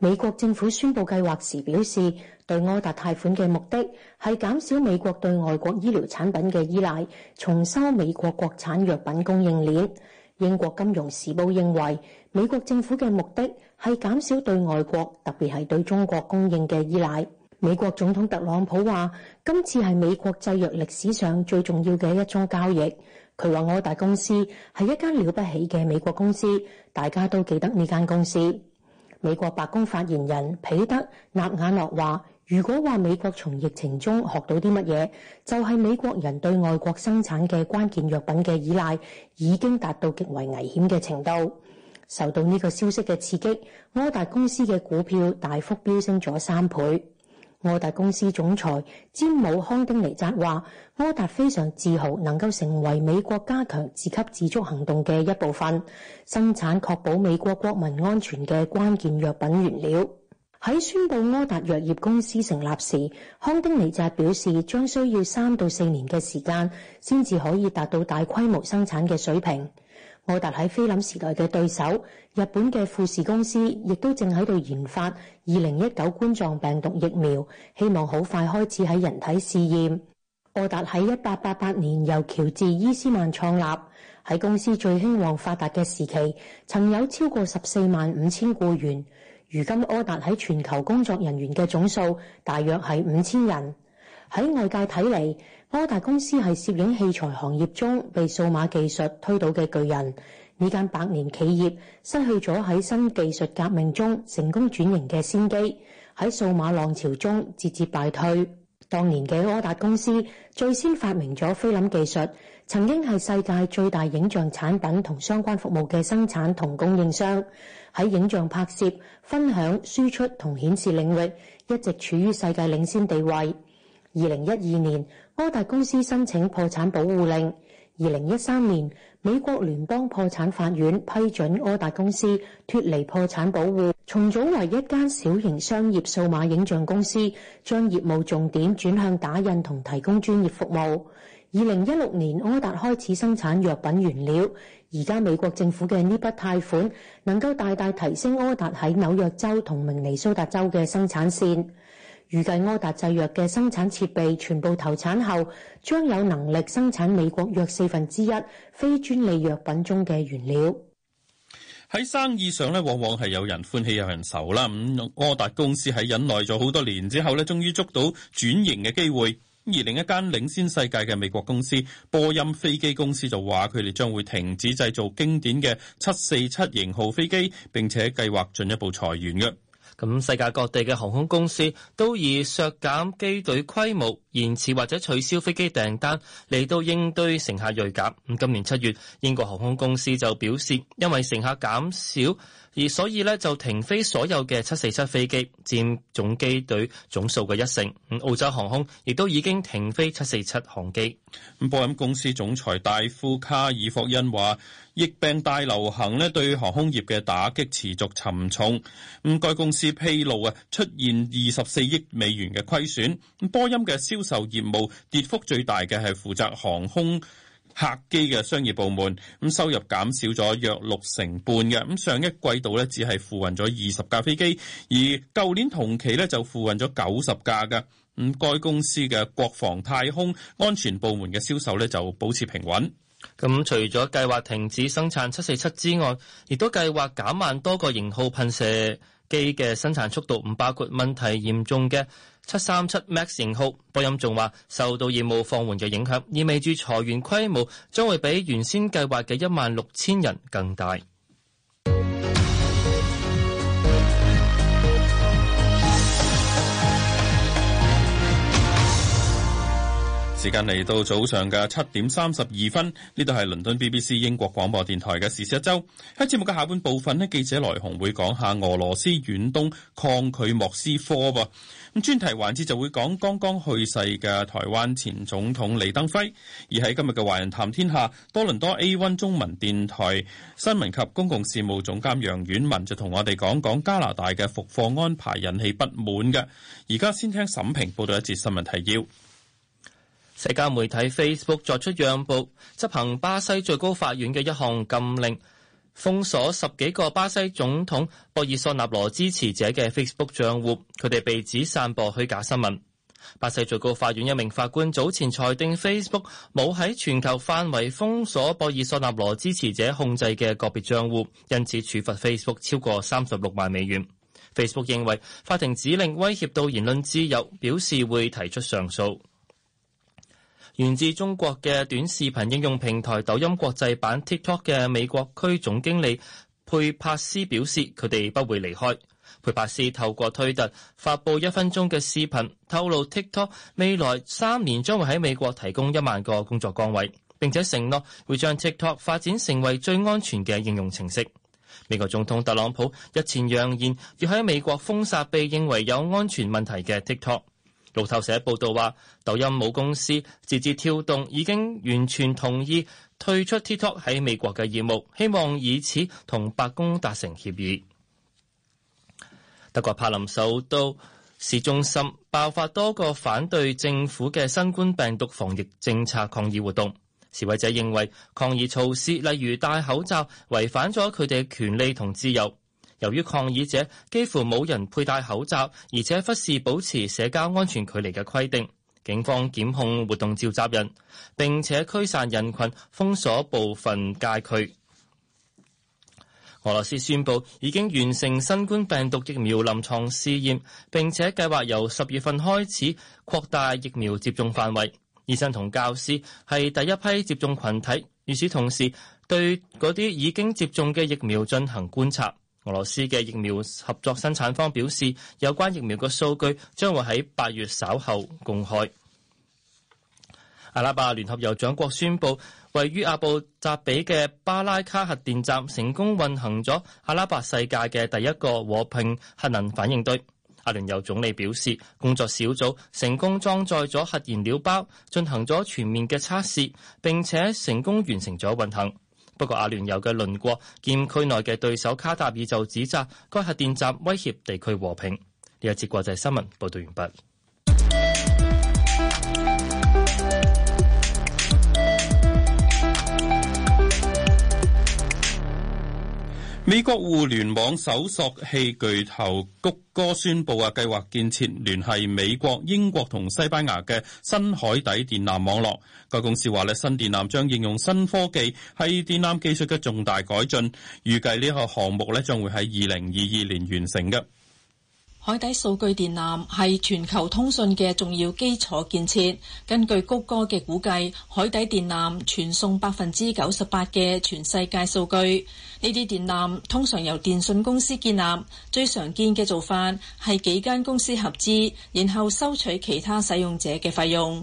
美國政府宣布計劃時表示，對柯達貸款嘅目的，係減少美國對外國醫療產品嘅依賴，重修美國國產藥品供應鏈。英國金融時報認為，美國政府嘅目的係減少對外國，特別係對中國供應嘅依賴。美國總統特朗普話，今次係美國製藥歷史上最重要嘅一宗交易。佢話柯達公司係一間了不起嘅美國公司，大家都記得呢間公司。美國白宮發言人彼得納瓦諾話，如果話美國從疫情中學到啲乜嘢，就係美國人對外國生產嘅關鍵藥品嘅依賴已經達到極為危險嘅程度。受到呢個消息嘅刺激，柯達公司嘅股票大幅飆升咗三倍。柯達公司總裁詹姆康丁尼扎話：柯達非常自豪能夠成為美國加強自給自足行動嘅一部分，生產確保美國國民安全嘅關鍵藥品原料。喺宣布柯達藥業公司成立時，康丁尼扎表示，將需要三到四年嘅時間，先至可以達到大規模生產嘅水平。柯達喺菲林時代嘅對手。日本嘅富士公司亦都正喺度研發二零一九冠狀病毒疫苗，希望好快開始喺人體試驗。柯達喺一八八八年由喬治伊斯曼創立，喺公司最興旺發達嘅時期，曾有超過十四萬五千僱員。如今柯達喺全球工作人員嘅總數大約係五千人。喺外界睇嚟，柯達公司係攝影器材行業中被數碼技術推倒嘅巨人。呢間百年企業失去咗喺新技術革命中成功轉型嘅先機，喺數碼浪潮中節節敗退。當年嘅柯達公司最先發明咗菲林技術，曾經係世界最大影像產品同相關服務嘅生產同供應商，喺影像拍攝、分享、輸出同顯示領域一直處於世界領先地位。二零一二年，柯達公司申請破產保護令。二零一三年，美國聯邦破產法院批准柯達公司脱離破產保護，重組為一間小型商業數碼影像公司，將業務重點轉向打印同提供專業服務。二零一六年，柯達開始生產藥品原料，而家美國政府嘅呢筆貸款能夠大大提升柯達喺紐約州同明尼蘇達州嘅生產線。預計柯達製藥嘅生產設備全部投產後，將有能力生產美國約四分之一非專利藥品中嘅原料。喺生意上咧，往往係有人歡喜有人愁啦。咁柯達公司喺忍耐咗好多年之後咧，終於捉到轉型嘅機會。而另一間領先世界嘅美國公司波音飛機公司就話佢哋將會停止製造經典嘅七四七型號飛機，並且計劃進一步裁員嘅。咁世界各地嘅航空公司都以削減機隊規模、延遲或者取消飛機訂單嚟到應對乘客銳減。咁今年七月，英國航空公司就表示，因為乘客減少而所以咧就停飛所有嘅七四七飛機，佔總機隊總數嘅一成。澳洲航空亦都已經停飛七四七航機。咁波音公司總裁戴夫卡爾霍恩話。疫病大流行咧，對航空業嘅打擊持續沉重。咁該公司披露啊，出現二十四億美元嘅虧損。波音嘅銷售業務跌幅最大嘅係負責航空客機嘅商業部門，咁收入減少咗約六成半嘅。咁上一季度咧，只係付運咗二十架飛機，而舊年同期咧就付運咗九十架嘅。咁該公司嘅國防太空安全部門嘅銷售咧就保持平穩。咁除咗計劃停止生產七四七之外，亦都計劃減慢多個型號噴射機嘅生產速度。唔包括問題嚴重嘅七三七 MAX 型號，波音仲話受到業務放緩嘅影響，意味住裁員規模將會比原先計劃嘅一萬六千人更大。時間嚟到早上嘅七點三十二分，呢度係倫敦 BBC 英國廣播電台嘅時事一周。喺節目嘅下半部分咧，記者來鴻會講下俄羅斯遠東抗拒莫斯科噃。咁專題環節就會講剛剛去世嘅台灣前總統李登輝。而喺今日嘅華人談天下，多倫多 A One 中文電台新聞及公共事務總監楊婉文就同我哋講講加拿大嘅復課安排引起不滿嘅。而家先聽沈平報道一節新聞提要。社交媒體 Facebook 作出讓步，執行巴西最高法院嘅一項禁令，封鎖十幾個巴西總統博爾索納羅支持者嘅 Facebook 賬戶。佢哋被指散播虛假新聞。巴西最高法院一名法官早前裁定 Facebook 冇喺全球範圍封鎖博爾索納羅支持者控制嘅個別賬戶，因此處罰 Facebook 超過三十六萬美元。Facebook 認為法庭指令威脅到言論自由，表示會提出上訴。源自中國嘅短視頻應用平台抖音國際版 TikTok 嘅美國區總經理佩帕斯表示，佢哋不會離開。佩帕斯透過推特發布一分鐘嘅視頻，透露 TikTok 未來三年將會喺美國提供一萬個工作崗位，並且承諾會將 TikTok 發展成為最安全嘅應用程式。美國總統特朗普日前揚言要喺美國封殺被認為有安全問題嘅 TikTok。路透社報道話，抖音母公司字節跳動已經完全同意退出 TikTok 喺美國嘅業務，希望以此同白宮達成協議。德國柏林首都市中心爆發多個反對政府嘅新冠病毒防疫政策抗議活動，示威者認為抗議措施例如戴口罩違反咗佢哋權利同自由。由於抗議者幾乎冇人佩戴口罩，而且忽視保持社交安全距離嘅規定，警方檢控活動召集人並且驅散人群，封鎖部分街區。俄羅斯宣布已經完成新冠病毒疫苗臨床試驗，並且計劃由十月份開始擴大疫苗接種範圍。醫生同教師係第一批接種群體，與此同時對嗰啲已經接種嘅疫苗進行觀察。俄羅斯嘅疫苗合作生產方表示，有關疫苗嘅數據將會喺八月稍後公開。阿拉伯聯合酋長國宣布，位於阿布扎比嘅巴拉卡核電站成功運行咗阿拉伯世界嘅第一個和平核能反應堆。阿聯酋總理表示，工作小組成功裝載咗核燃料包，進行咗全面嘅測試，並且成功完成咗運行。不過亞，阿聯酋嘅鄰國兼區內嘅對手卡塔爾就指責該核電站威脅地區和平。呢一節國際新聞報道完畢。美國互聯網搜索器巨頭谷歌宣布啊，計劃建設聯繫美國、英國同西班牙嘅新海底電纜網絡。該公司話咧，新電纜將應用新科技，係電纜技術嘅重大改進。預計呢個項目咧，將會喺二零二二年完成嘅。海底數據電纜係全球通訊嘅重要基礎建設。根據谷歌嘅估計，海底電纜傳送百分之九十八嘅全世界數據。呢啲電纜通常由電信公司建立，最常見嘅做法係幾間公司合資，然後收取其他使用者嘅費用。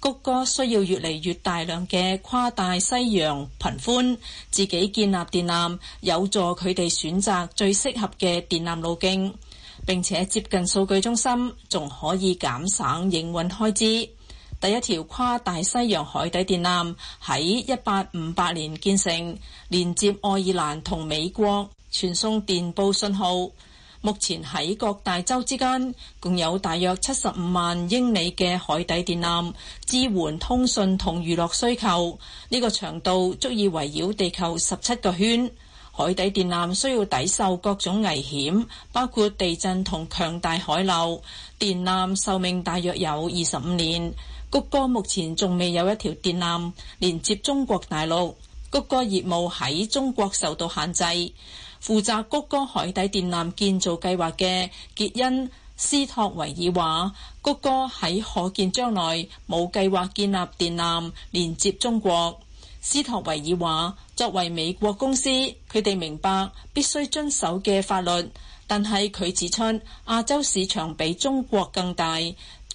谷歌需要越嚟越大量嘅跨大西洋頻寬，自己建立電纜，有助佢哋選擇最適合嘅電纜路徑，並且接近數據中心，仲可以減省營運開支。第一條跨大西洋海底電纜喺一八五八年建成，連接愛爾蘭同美國，傳送電報信號。目前喺各大洲之間，共有大約七十五萬英里嘅海底電纜支援通訊同娛樂需求，呢個長度足以圍繞地球十七個圈。海底電纜需要抵受各種危險，包括地震同強大海流。電纜壽命大約有二十五年。谷歌目前仲未有一條電纜連接中國大陸，谷歌業務喺中國受到限制。負責谷歌海底電纜建造計劃嘅傑恩斯托維爾話：谷歌喺可見將來冇計劃建立電纜連接中國。斯托維爾話：作為美國公司，佢哋明白必須遵守嘅法律，但係佢指出亞洲市場比中國更大。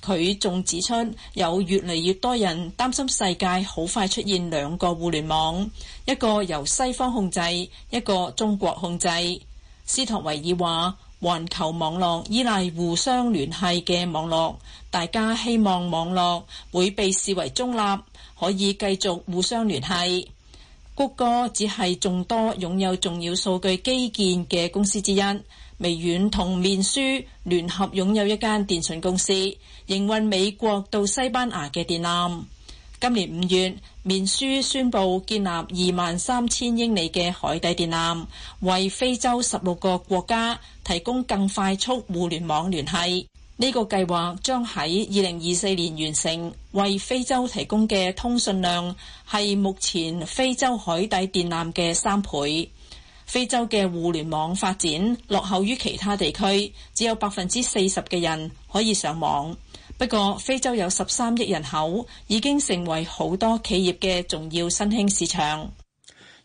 佢仲指出，有越嚟越多人擔心世界好快出現兩個互聯網，一個由西方控制，一個中國控制。斯托維爾話：環球網絡依賴互相聯繫嘅網絡，大家希望網絡會被視為中立，可以繼續互相聯繫。谷歌只係眾多擁有重要數據基建嘅公司之一。微軟同面書聯合擁有一間電信公司，營運美國到西班牙嘅電纜。今年五月，面書宣布建立二萬三千英里嘅海底電纜，為非洲十六個國家提供更快速互聯網聯繫。呢個計劃將喺二零二四年完成，為非洲提供嘅通訊量係目前非洲海底電纜嘅三倍。非洲嘅互聯網發展落後於其他地區，只有百分之四十嘅人可以上網。不過，非洲有十三億人口，已經成為好多企業嘅重要新興市場。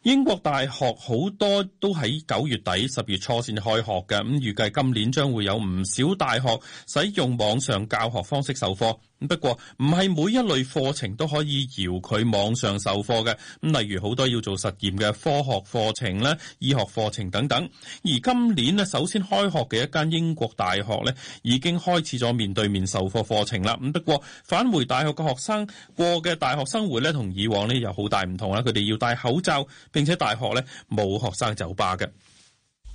英國大學好多都喺九月底、十月初先開學嘅，咁預計今年將會有唔少大學使用網上教學方式授課。不過唔係每一類課程都可以遙距網上授課嘅，咁例如好多要做實驗嘅科學課程咧、醫學課程等等。而今年咧，首先開學嘅一間英國大學咧，已經開始咗面對面授課課程啦。咁不過返回大學嘅學生過嘅大學生活咧，同以往咧有好大唔同啦。佢哋要戴口罩，並且大學咧冇學生酒吧嘅。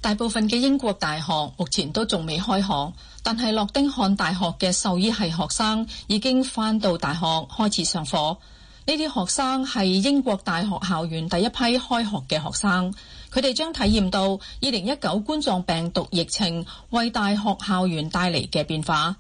大部分嘅英國大學目前都仲未開學，但係諾丁漢大學嘅獸醫系學生已經返到大學開始上課。呢啲學生係英國大學校園第一批開學嘅學生，佢哋將體驗到二零一九冠狀病毒疫情為大學校園帶嚟嘅變化。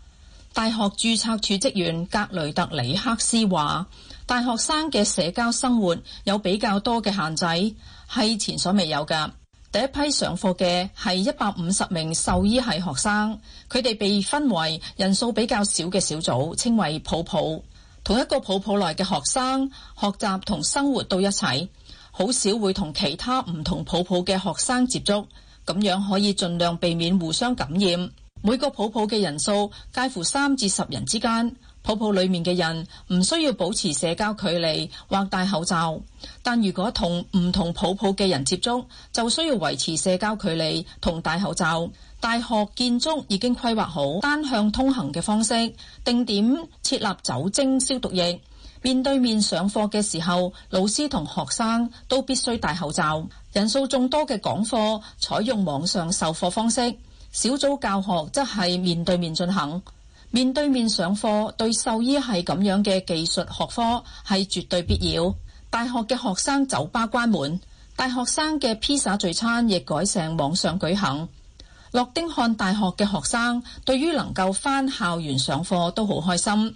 大學註冊處職員格雷特里克斯話，大學生嘅社交生活有比較多嘅限制，係前所未有㗎。第一批上課嘅係一百五十名獸醫系學生，佢哋被分為人數比較少嘅小組，稱為泡泡。同一個泡泡內嘅學生學習同生活都一齊，好少會同其他唔同泡泡嘅學生接觸，咁樣可以儘量避免互相感染。每個泡泡嘅人數介乎三至十人之間。泡泡裏面嘅人唔需要保持社交距離或戴口罩，但如果同唔同泡泡嘅人接觸，就需要維持社交距離同戴口罩。大學建築已經規劃好單向通行嘅方式，定點設立酒精消毒液。面對面上課嘅時候，老師同學生都必須戴口罩。人數眾多嘅講課採用網上授課方式，小組教學則係面對面進行。面對面上課對獸醫系咁樣嘅技術學科係絕對必要。大學嘅學生酒吧關門，大學生嘅披薩聚餐亦改成網上舉行。諾丁漢大學嘅學生對於能夠返校園上課都好開心，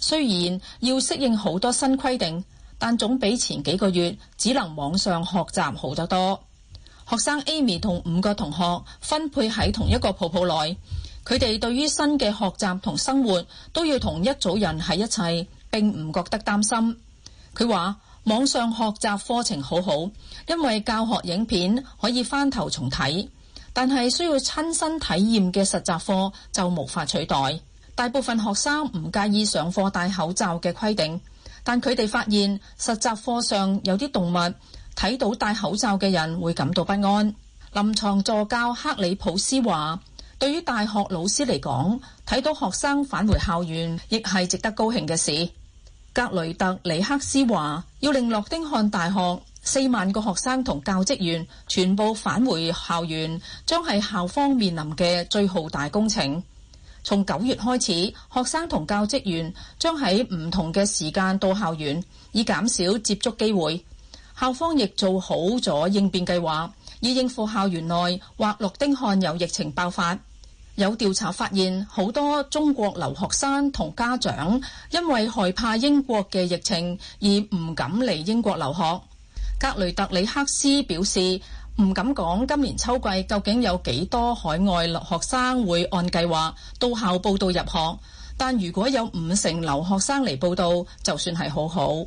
雖然要適應好多新規定，但總比前幾個月只能網上學習好得多。學生 Amy 同五個同學分配喺同一個泡泡內。佢哋對於新嘅學習同生活都要同一組人喺一齊，並唔覺得擔心。佢話網上學習課程好好，因為教學影片可以翻頭重睇，但係需要親身體驗嘅實習課就無法取代。大部分學生唔介意上課戴口罩嘅規定，但佢哋發現實習課上有啲動物睇到戴口罩嘅人會感到不安。臨床助教克里普斯話。對於大學老師嚟講，睇到學生返回校園亦係值得高興嘅事。格雷特尼克斯話，要令諾丁漢大學四萬個學生同教職員全部返回校園，將係校方面臨嘅最浩大工程。從九月開始，學生同教職員將喺唔同嘅時間到校園，以減少接觸機會。校方亦做好咗應變計劃，以應付校園內或諾丁漢有疫情爆發。有調查發現，好多中國留學生同家長因為害怕英國嘅疫情而唔敢嚟英國留學。格雷特里克斯表示，唔敢講今年秋季究竟有幾多海外留學生會按計劃到校報到入學，但如果有五成留學生嚟報到，就算係好好。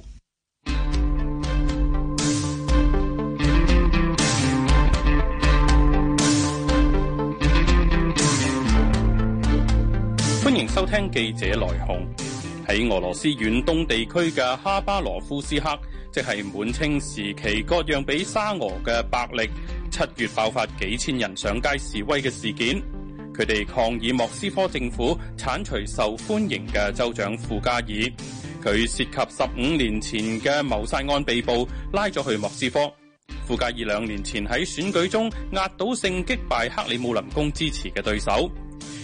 歡迎收聽記者來鴻。喺俄羅斯遠東地區嘅哈巴羅夫斯克，即係滿清時期割讓俾沙俄嘅伯力，七月爆發幾千人上街示威嘅事件。佢哋抗議莫斯科政府鏟除受歡迎嘅州長富加爾。佢涉及十五年前嘅謀殺案被捕，拉咗去莫斯科。富加爾兩年前喺選舉中壓倒性擊敗克里姆林宮支持嘅對手。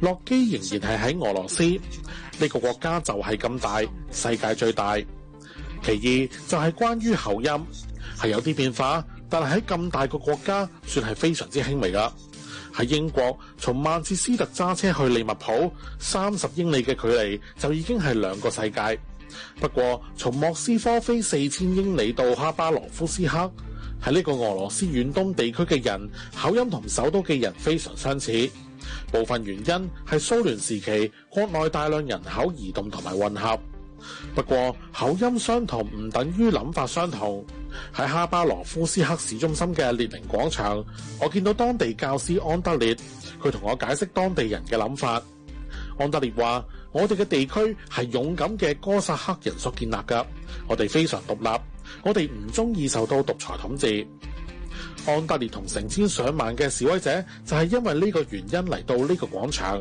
洛基仍然係喺俄羅斯呢、這個國家就係咁大，世界最大。其二就係、是、關於口音，係有啲變化，但係喺咁大個國家，算係非常之輕微噶。喺英國，從曼徹斯特揸車去利物浦，三十英里嘅距離就已經係兩個世界。不過從莫斯科飛四千英里到哈巴羅夫斯克，喺呢個俄羅斯遠東地區嘅人口音同首都嘅人非常相似。部分原因係蘇聯時期國內大量人口移動同埋混合。不過口音相同唔等於諗法相同。喺哈巴羅夫斯克市中心嘅列寧廣場，我見到當地教師安德烈，佢同我解釋當地人嘅諗法。安德烈話：我哋嘅地區係勇敢嘅哥薩克人所建立噶，我哋非常獨立，我哋唔中意受到獨裁統治。安德烈同成千上萬嘅示威者就係因為呢個原因嚟到呢個廣場，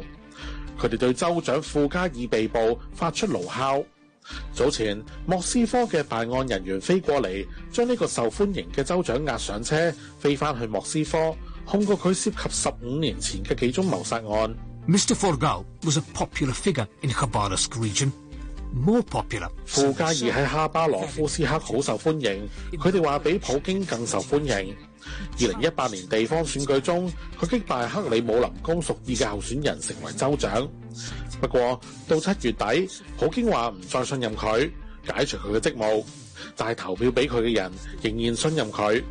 佢哋對州長富加爾被捕發出怒吼。早前莫斯科嘅辦案人員飛過嚟，將呢個受歡迎嘅州長押上車，飛翻去莫斯科控告佢涉及十五年前嘅幾宗謀殺案。Mr. 富加爾喺哈巴羅夫斯克好受歡迎，佢哋話比普京更受歡迎。二零一八年地方選舉中，佢擊敗克里姆林宮屬意嘅候選人，成為州長。不過到七月底，普京話唔再信任佢，解除佢嘅職務，但係投票俾佢嘅人仍然信任佢。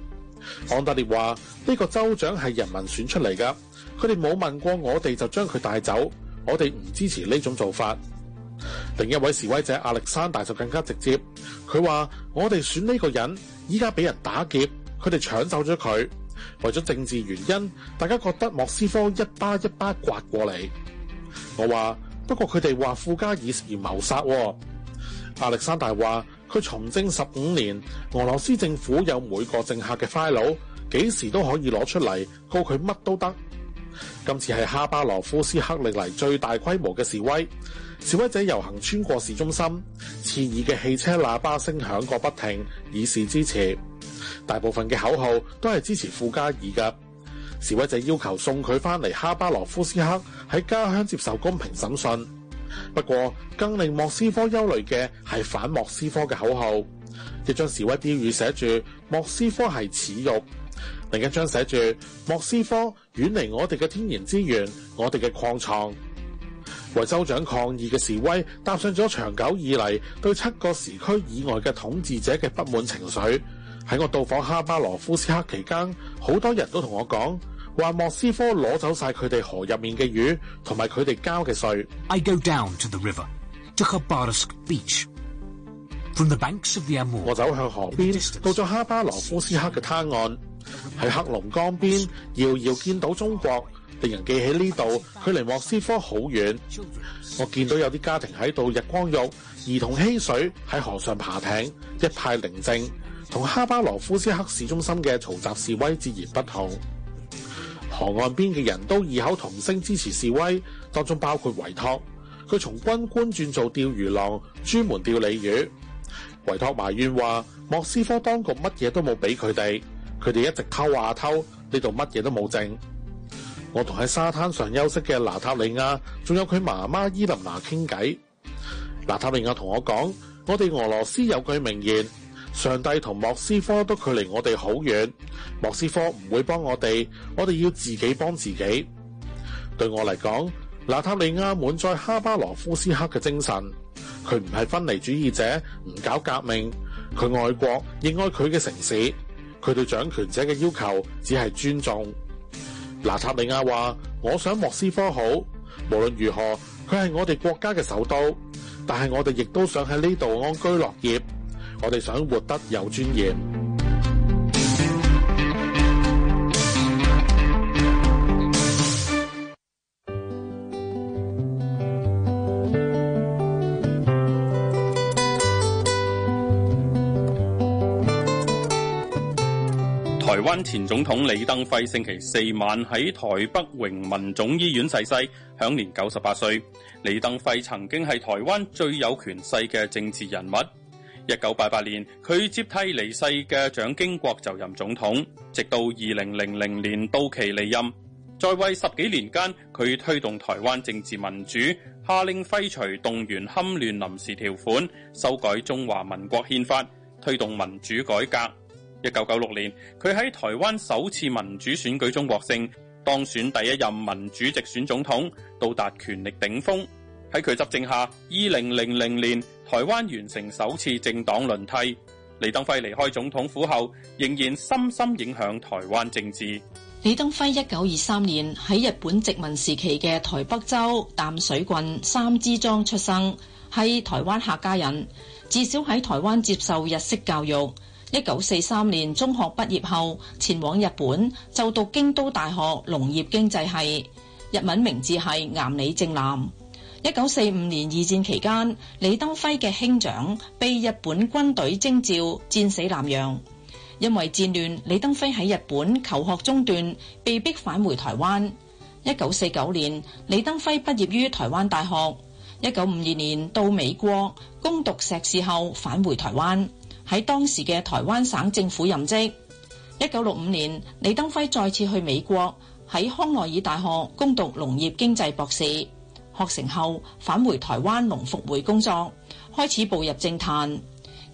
安德烈話：呢個州長係人民選出嚟噶，佢哋冇問過我哋就將佢帶走，我哋唔支持呢種做法。另一位示威者亞歷山大就更加直接，佢話：我哋選呢個人，依家俾人打劫，佢哋搶走咗佢，為咗政治原因，大家覺得莫斯科一巴一巴刮過嚟。我話：不過佢哋話富加爾涉嫌謀殺。亞歷山大話：佢從政十五年，俄羅斯政府有每個政客嘅 file，幾時都可以攞出嚟告佢乜都得。今次係哈巴羅夫斯克歷來最大規模嘅示威。示威者遊行穿過市中心，刺耳嘅汽車喇叭聲響個不停，以示支持。大部分嘅口號都係支持傅加爾嘅。示威者要求送佢翻嚟哈巴羅夫斯克喺家鄉接受公平審訊。不過，更令莫斯科憂慮嘅係反莫斯科嘅口號。一張示威標語寫住莫斯科係恥辱，另一張寫住莫斯科遠離我哋嘅天然資源，我哋嘅礦藏。為州長抗議嘅示威，搭上咗長久以嚟對七個時區以外嘅統治者嘅不滿情緒。喺我到訪哈巴羅夫斯克期間，好多人都同我講，話莫斯科攞走晒佢哋河入面嘅魚，同埋佢哋交嘅稅。我走向河邊，the 到咗哈巴羅夫斯克嘅灘岸，喺黑龍江邊遙遙見到中國。令人記起呢度，佢離莫斯科好遠。我見到有啲家庭喺度日光浴、兒童嬉水，喺河上爬艇，一派寧靜，同哈巴羅夫斯克市中心嘅嘈雜示威截然不同。河岸邊嘅人都異口同聲支持示威，當中包括維托。佢從軍官轉做釣魚郎，專門釣鯉魚。維托埋怨話：莫斯科當局乜嘢都冇俾佢哋，佢哋一直偷啊啊偷，呢度乜嘢都冇剩。我同喺沙灘上休息嘅娜塔莉亞，仲有佢媽媽伊琳娜傾偈。娜塔莉亞同我講，我哋俄羅斯有句名言，上帝同莫斯科都距離我哋好遠，莫斯科唔會幫我哋，我哋要自己幫自己。對我嚟講，娜塔莉亞滿載哈巴羅夫斯克嘅精神，佢唔係分離主義者，唔搞革命，佢愛國亦愛佢嘅城市，佢對掌權者嘅要求只係尊重。娜塔利亞話：我想莫斯科好，無論如何，佢係我哋國家嘅首都。但係我哋亦都想喺呢度安居樂業，我哋想活得有尊嚴。台灣前總統李登輝星期四晚喺台北榮民總醫院逝世，享年九十八歲。李登輝曾經係台灣最有權勢嘅政治人物。一九八八年，佢接替離世嘅蔣經國就任總統，直到二零零零年到期離任。在位十幾年間，佢推動台灣政治民主，下令廢除動員戡亂臨時條款，修改中華民國憲法，推動民主改革。一九九六年，佢喺台灣首次民主選舉中獲勝，當選第一任民主直選總統，到達權力頂峰。喺佢執政下，二零零零年台灣完成首次政黨輪替。李登輝離開總統府後，仍然深深影響台灣政治。李登輝一九二三年喺日本殖民時期嘅台北州淡水郡三芝莊出生，係台灣客家人，自小喺台灣接受日式教育。一九四三年中學畢業後，前往日本就讀京都大學農業經濟系，日文名字係岩里正男」。一九四五年二戰期間，李登輝嘅兄長被日本軍隊徵召，戰死南洋。因為戰亂，李登輝喺日本求學中斷，被逼返回台灣。一九四九年，李登輝畢業於台灣大學。一九五二年到美國攻讀碩士後，返回台灣。喺當時嘅台灣省政府任職。一九六五年，李登輝再次去美國喺康奈爾大學攻讀農業經濟博士，學成後返回台灣農復會工作，開始步入政壇。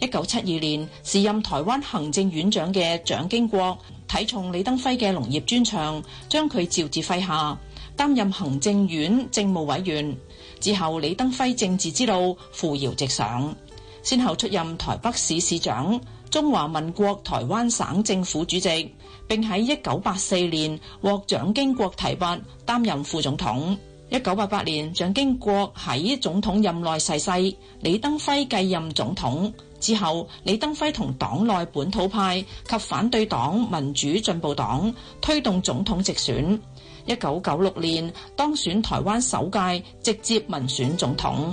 一九七二年，時任台灣行政院長嘅蔣經國睇重李登輝嘅農業專長，將佢召至麾下，擔任行政院政務委員。之後，李登輝政治之路扶搖直上。先後出任台北市市長、中華民國台灣省政府主席，並喺一九八四年獲蔣經國提拔擔任副總統。一九八八年蔣經國喺總統任內逝世，李登輝繼任總統之後，李登輝同黨內本土派及反對黨民主進步黨推動總統直選。一九九六年當選台灣首屆直接民選總統。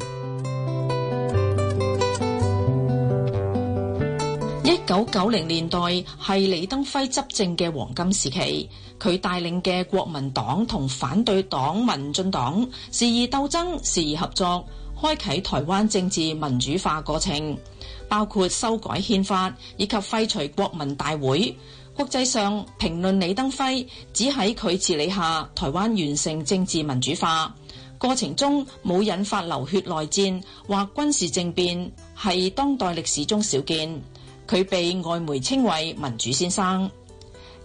九零年代係李登輝執政嘅黃金時期，佢帶領嘅國民黨同反對黨民進黨時而鬥爭，時而合作，開啟台灣政治民主化過程，包括修改憲法以及廢除國民大會。國際上評論李登輝，只喺佢治理下，台灣完成政治民主化，過程中冇引發流血內戰或軍事政變，係當代歷史中少見。佢被外媒稱為民主先生。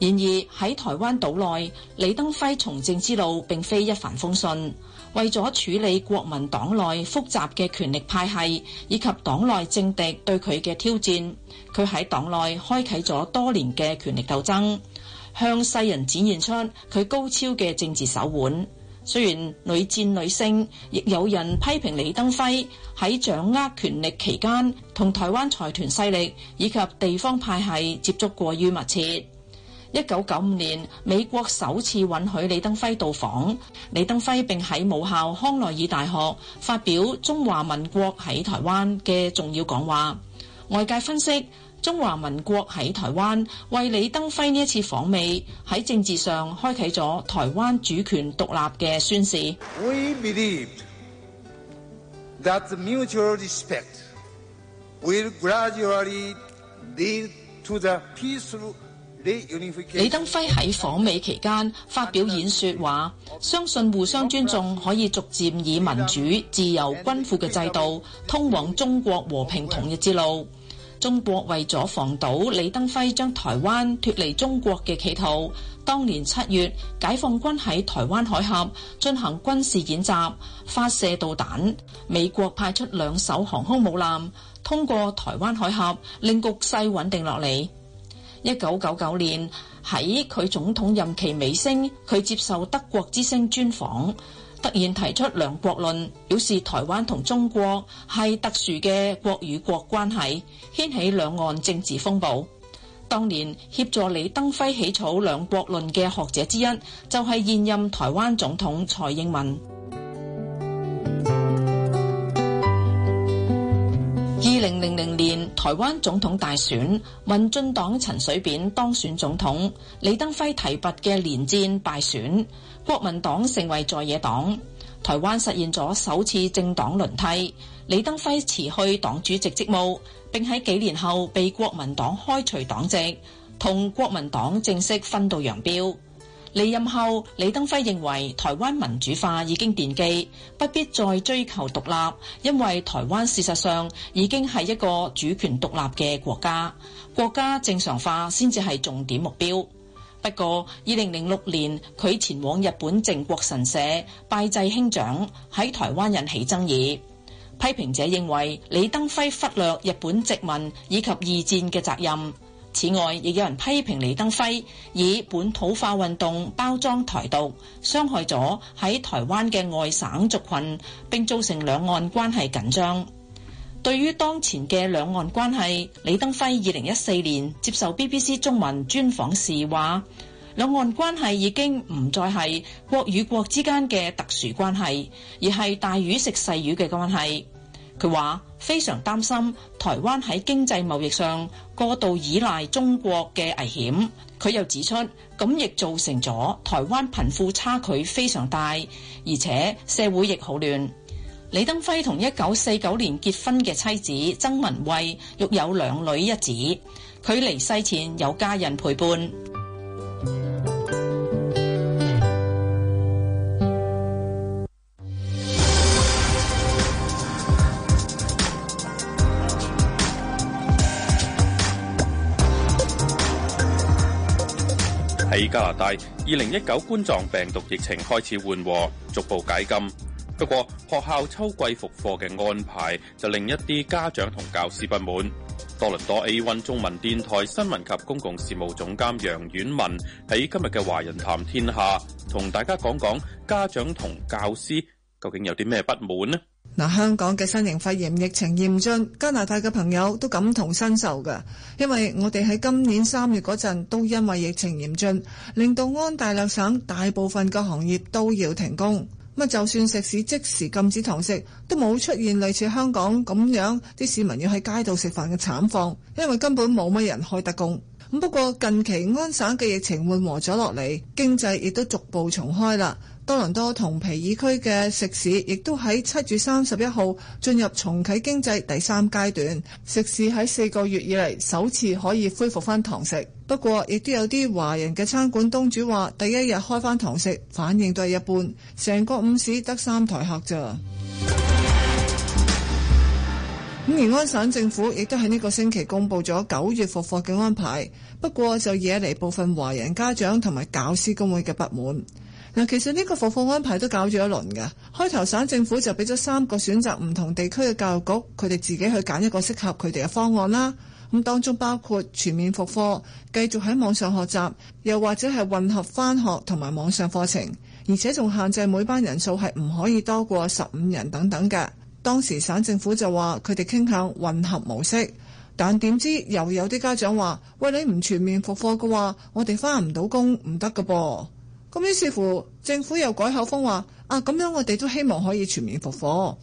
然而，喺台灣島內，李登輝從政之路並非一帆風順。為咗處理國民黨內複雜嘅權力派系以及黨內政敵對佢嘅挑戰，佢喺黨內開啟咗多年嘅權力鬥爭，向世人展現出佢高超嘅政治手腕。雖然屢戰屢勝，亦有人批評李登輝喺掌握權力期間，同台灣財團勢力以及地方派系接觸過於密切。一九九五年，美國首次允許李登輝到訪，李登輝並喺母校康奈爾大學發表中華民國喺台灣嘅重要講話。外界分析。中華民國喺台灣，為李登輝呢一次訪美，喺政治上開啟咗台灣主權獨立嘅宣示。We believe that the mutual respect will gradually lead to the peace re-unification. 李登輝喺訪美期間發表演説，話相信互相尊重可以逐漸以民主、自由、均富嘅制度通往中國和平統一之路。中國為咗防堵李登輝將台灣脱離中國嘅企圖，當年七月解放軍喺台灣海峽進行軍事演習，發射導彈。美國派出兩艘航空母艦通過台灣海峽，令局勢穩定落嚟。一九九九年喺佢總統任期尾聲，佢接受德國之聲專訪。突然提出兩國論，表示台灣同中國係特殊嘅國與國關係，掀起兩岸政治風暴。當年協助李登輝起草兩國論嘅學者之一，就係、是、現任台灣總統蔡英文。二零零零年。台灣總統大選，民進黨陳水扁當選總統，李登輝提拔嘅連戰敗選，國民黨成為在野黨。台灣實現咗首次政黨輪替，李登輝辭去黨主席職務，並喺幾年後被國民黨開除黨籍，同國民黨正式分道揚鑣。離任後，李登輝認為台灣民主化已經奠基，不必再追求獨立，因為台灣事實上已經係一個主權獨立嘅國家，國家正常化先至係重點目標。不過，二零零六年佢前往日本靖國神社拜祭兄長，喺台灣引起爭議，批評者認為李登輝忽略日本殖民以及二戰嘅責任。此外，亦有人批評李登輝以本土化運動包裝台獨，傷害咗喺台灣嘅外省族群，並造成兩岸關係緊張。對於當前嘅兩岸關係，李登輝二零一四年接受 BBC 中文專訪時話：兩岸關係已經唔再係國與國之間嘅特殊關係，而係大魚食細魚嘅關係。佢話非常擔心台灣喺經濟貿易上過度依賴中國嘅危險。佢又指出，咁亦造成咗台灣貧富差距非常大，而且社會亦好亂。李登輝同一九四九年結婚嘅妻子曾文惠育有兩女一子。佢離世前有家人陪伴。喺加拿大，二零一九冠狀病毒疫情開始緩和，逐步解禁。不過，學校秋季復課嘅安排就令一啲家長同教師不滿。多倫多 A1 中文電台新聞及公共事務總監楊婉文喺今日嘅《華人談天下》同大家講講家長同教師究竟有啲咩不滿呢？嗱，香港嘅新型肺炎疫情嚴峻，加拿大嘅朋友都感同身受嘅，因為我哋喺今年三月嗰陣都因為疫情嚴峻，令到安大略省大部分嘅行業都要停工。咁就算食肆即時禁止堂食，都冇出現類似香港咁樣啲市民要喺街度食飯嘅慘況，因為根本冇乜人開得工，咁不過近期安省嘅疫情緩和咗落嚟，經濟亦都逐步重開啦。多倫多同皮爾區嘅食肆亦都喺七月三十一號進入重啟經濟第三階段，食肆喺四個月以嚟，首次可以恢復翻堂食。不過，亦都有啲華人嘅餐館東主話，第一日開翻堂食，反應都係一般，成個午市得三台客咋。咁， 五安省政府亦都喺呢個星期公布咗九月復課嘅安排，不過就惹嚟部分華人家長同埋教師工會嘅不滿。嗱，其實呢個復課安排都搞咗一輪嘅。開頭省政府就俾咗三個選擇，唔同地區嘅教育局佢哋自己去揀一個適合佢哋嘅方案啦。咁當中包括全面復課，繼續喺網上學習，又或者係混合翻學同埋網上課程，而且仲限制每班人數係唔可以多過十五人等等嘅。當時省政府就話佢哋傾向混合模式，但點知又有啲家長話喂，你唔全面復課嘅話，我哋翻唔到工唔得嘅噃。咁於是乎，政府又改口風話啊，咁樣我哋都希望可以全面復課。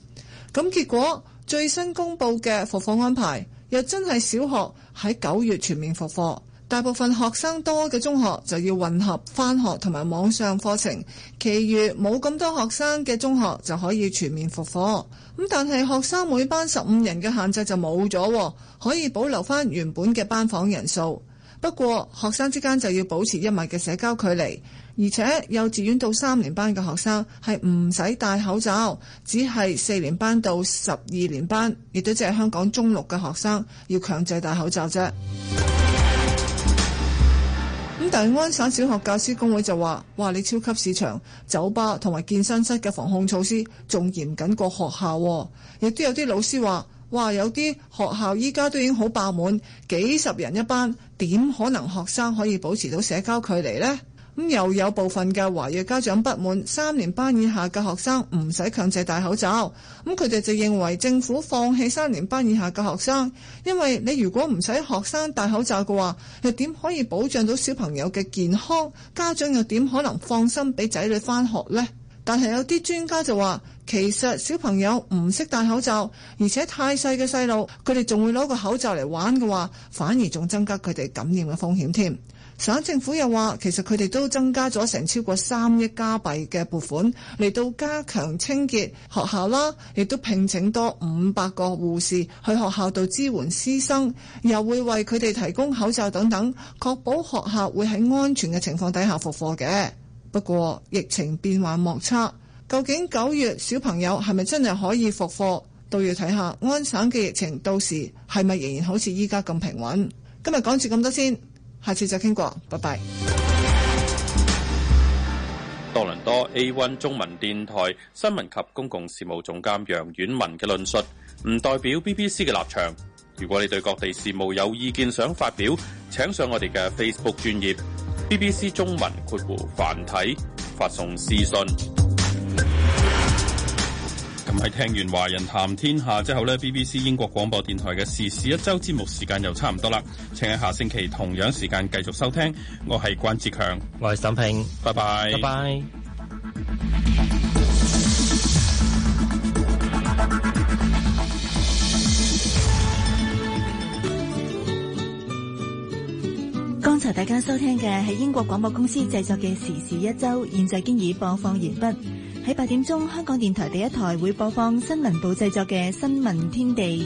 咁結果最新公布嘅復課安排又真係小學喺九月全面復課，大部分學生多嘅中學就要混合返學同埋網上課程，其餘冇咁多學生嘅中學就可以全面復課。咁但係學生每班十五人嘅限制就冇咗，可以保留返原本嘅班房人數。不過學生之間就要保持一米嘅社交距離。而且幼稚園到三年班嘅學生係唔使戴口罩，只係四年班到十二年班，亦都只係香港中六嘅學生要強制戴口罩啫。咁但係安省小學教師公會就話：「哇！你超級市場、酒吧同埋健身室嘅防控措施仲嚴緊過學校啊。亦都有啲老師話：「哇！有啲學校依家都已經好爆滿，幾十人一班，點可能學生可以保持到社交距離呢？」咁又有部分嘅華裔家長不滿三年班以下嘅學生唔使強制戴口罩，咁佢哋就認為政府放棄三年班以下嘅學生，因為你如果唔使學生戴口罩嘅話，又點可以保障到小朋友嘅健康？家長又點可能放心俾仔女返學呢？但係有啲專家就話，其實小朋友唔識戴口罩，而且太細嘅細路，佢哋仲會攞個口罩嚟玩嘅話，反而仲增加佢哋感染嘅風險添。省政府又話，其實佢哋都增加咗成超過三億加幣嘅撥款嚟到加強清潔學校啦，亦都聘請多五百個護士去學校度支援師生，又會為佢哋提供口罩等等，確保學校會喺安全嘅情況底下復課嘅。不過疫情變幻莫測，究竟九月小朋友係咪真係可以復課，都要睇下安省嘅疫情到時係咪仍然好似依家咁平穩。今日講住咁多先。下次再傾過，拜拜。多倫多 A1 中文電台新聞及公共事務總監楊婉文嘅論述，唔代表 BBC 嘅立場。如果你對各地事務有意見想發表，請上我哋嘅 Facebook 專頁 BBC 中文括弧繁體發送私信。咁係聽完華人談天下之後呢，BBC 英國廣播電台嘅時事一周節目時間又差唔多啦，請喺下星期同樣時間繼續收聽。我係關志強，我係沈平，拜拜 bye，拜拜 bye。剛才大家收聽嘅係英國廣播公司製作嘅時事一周，現在經已播放完畢。喺八點鐘，香港電台第一台會播放新聞部製作嘅《新聞天地》。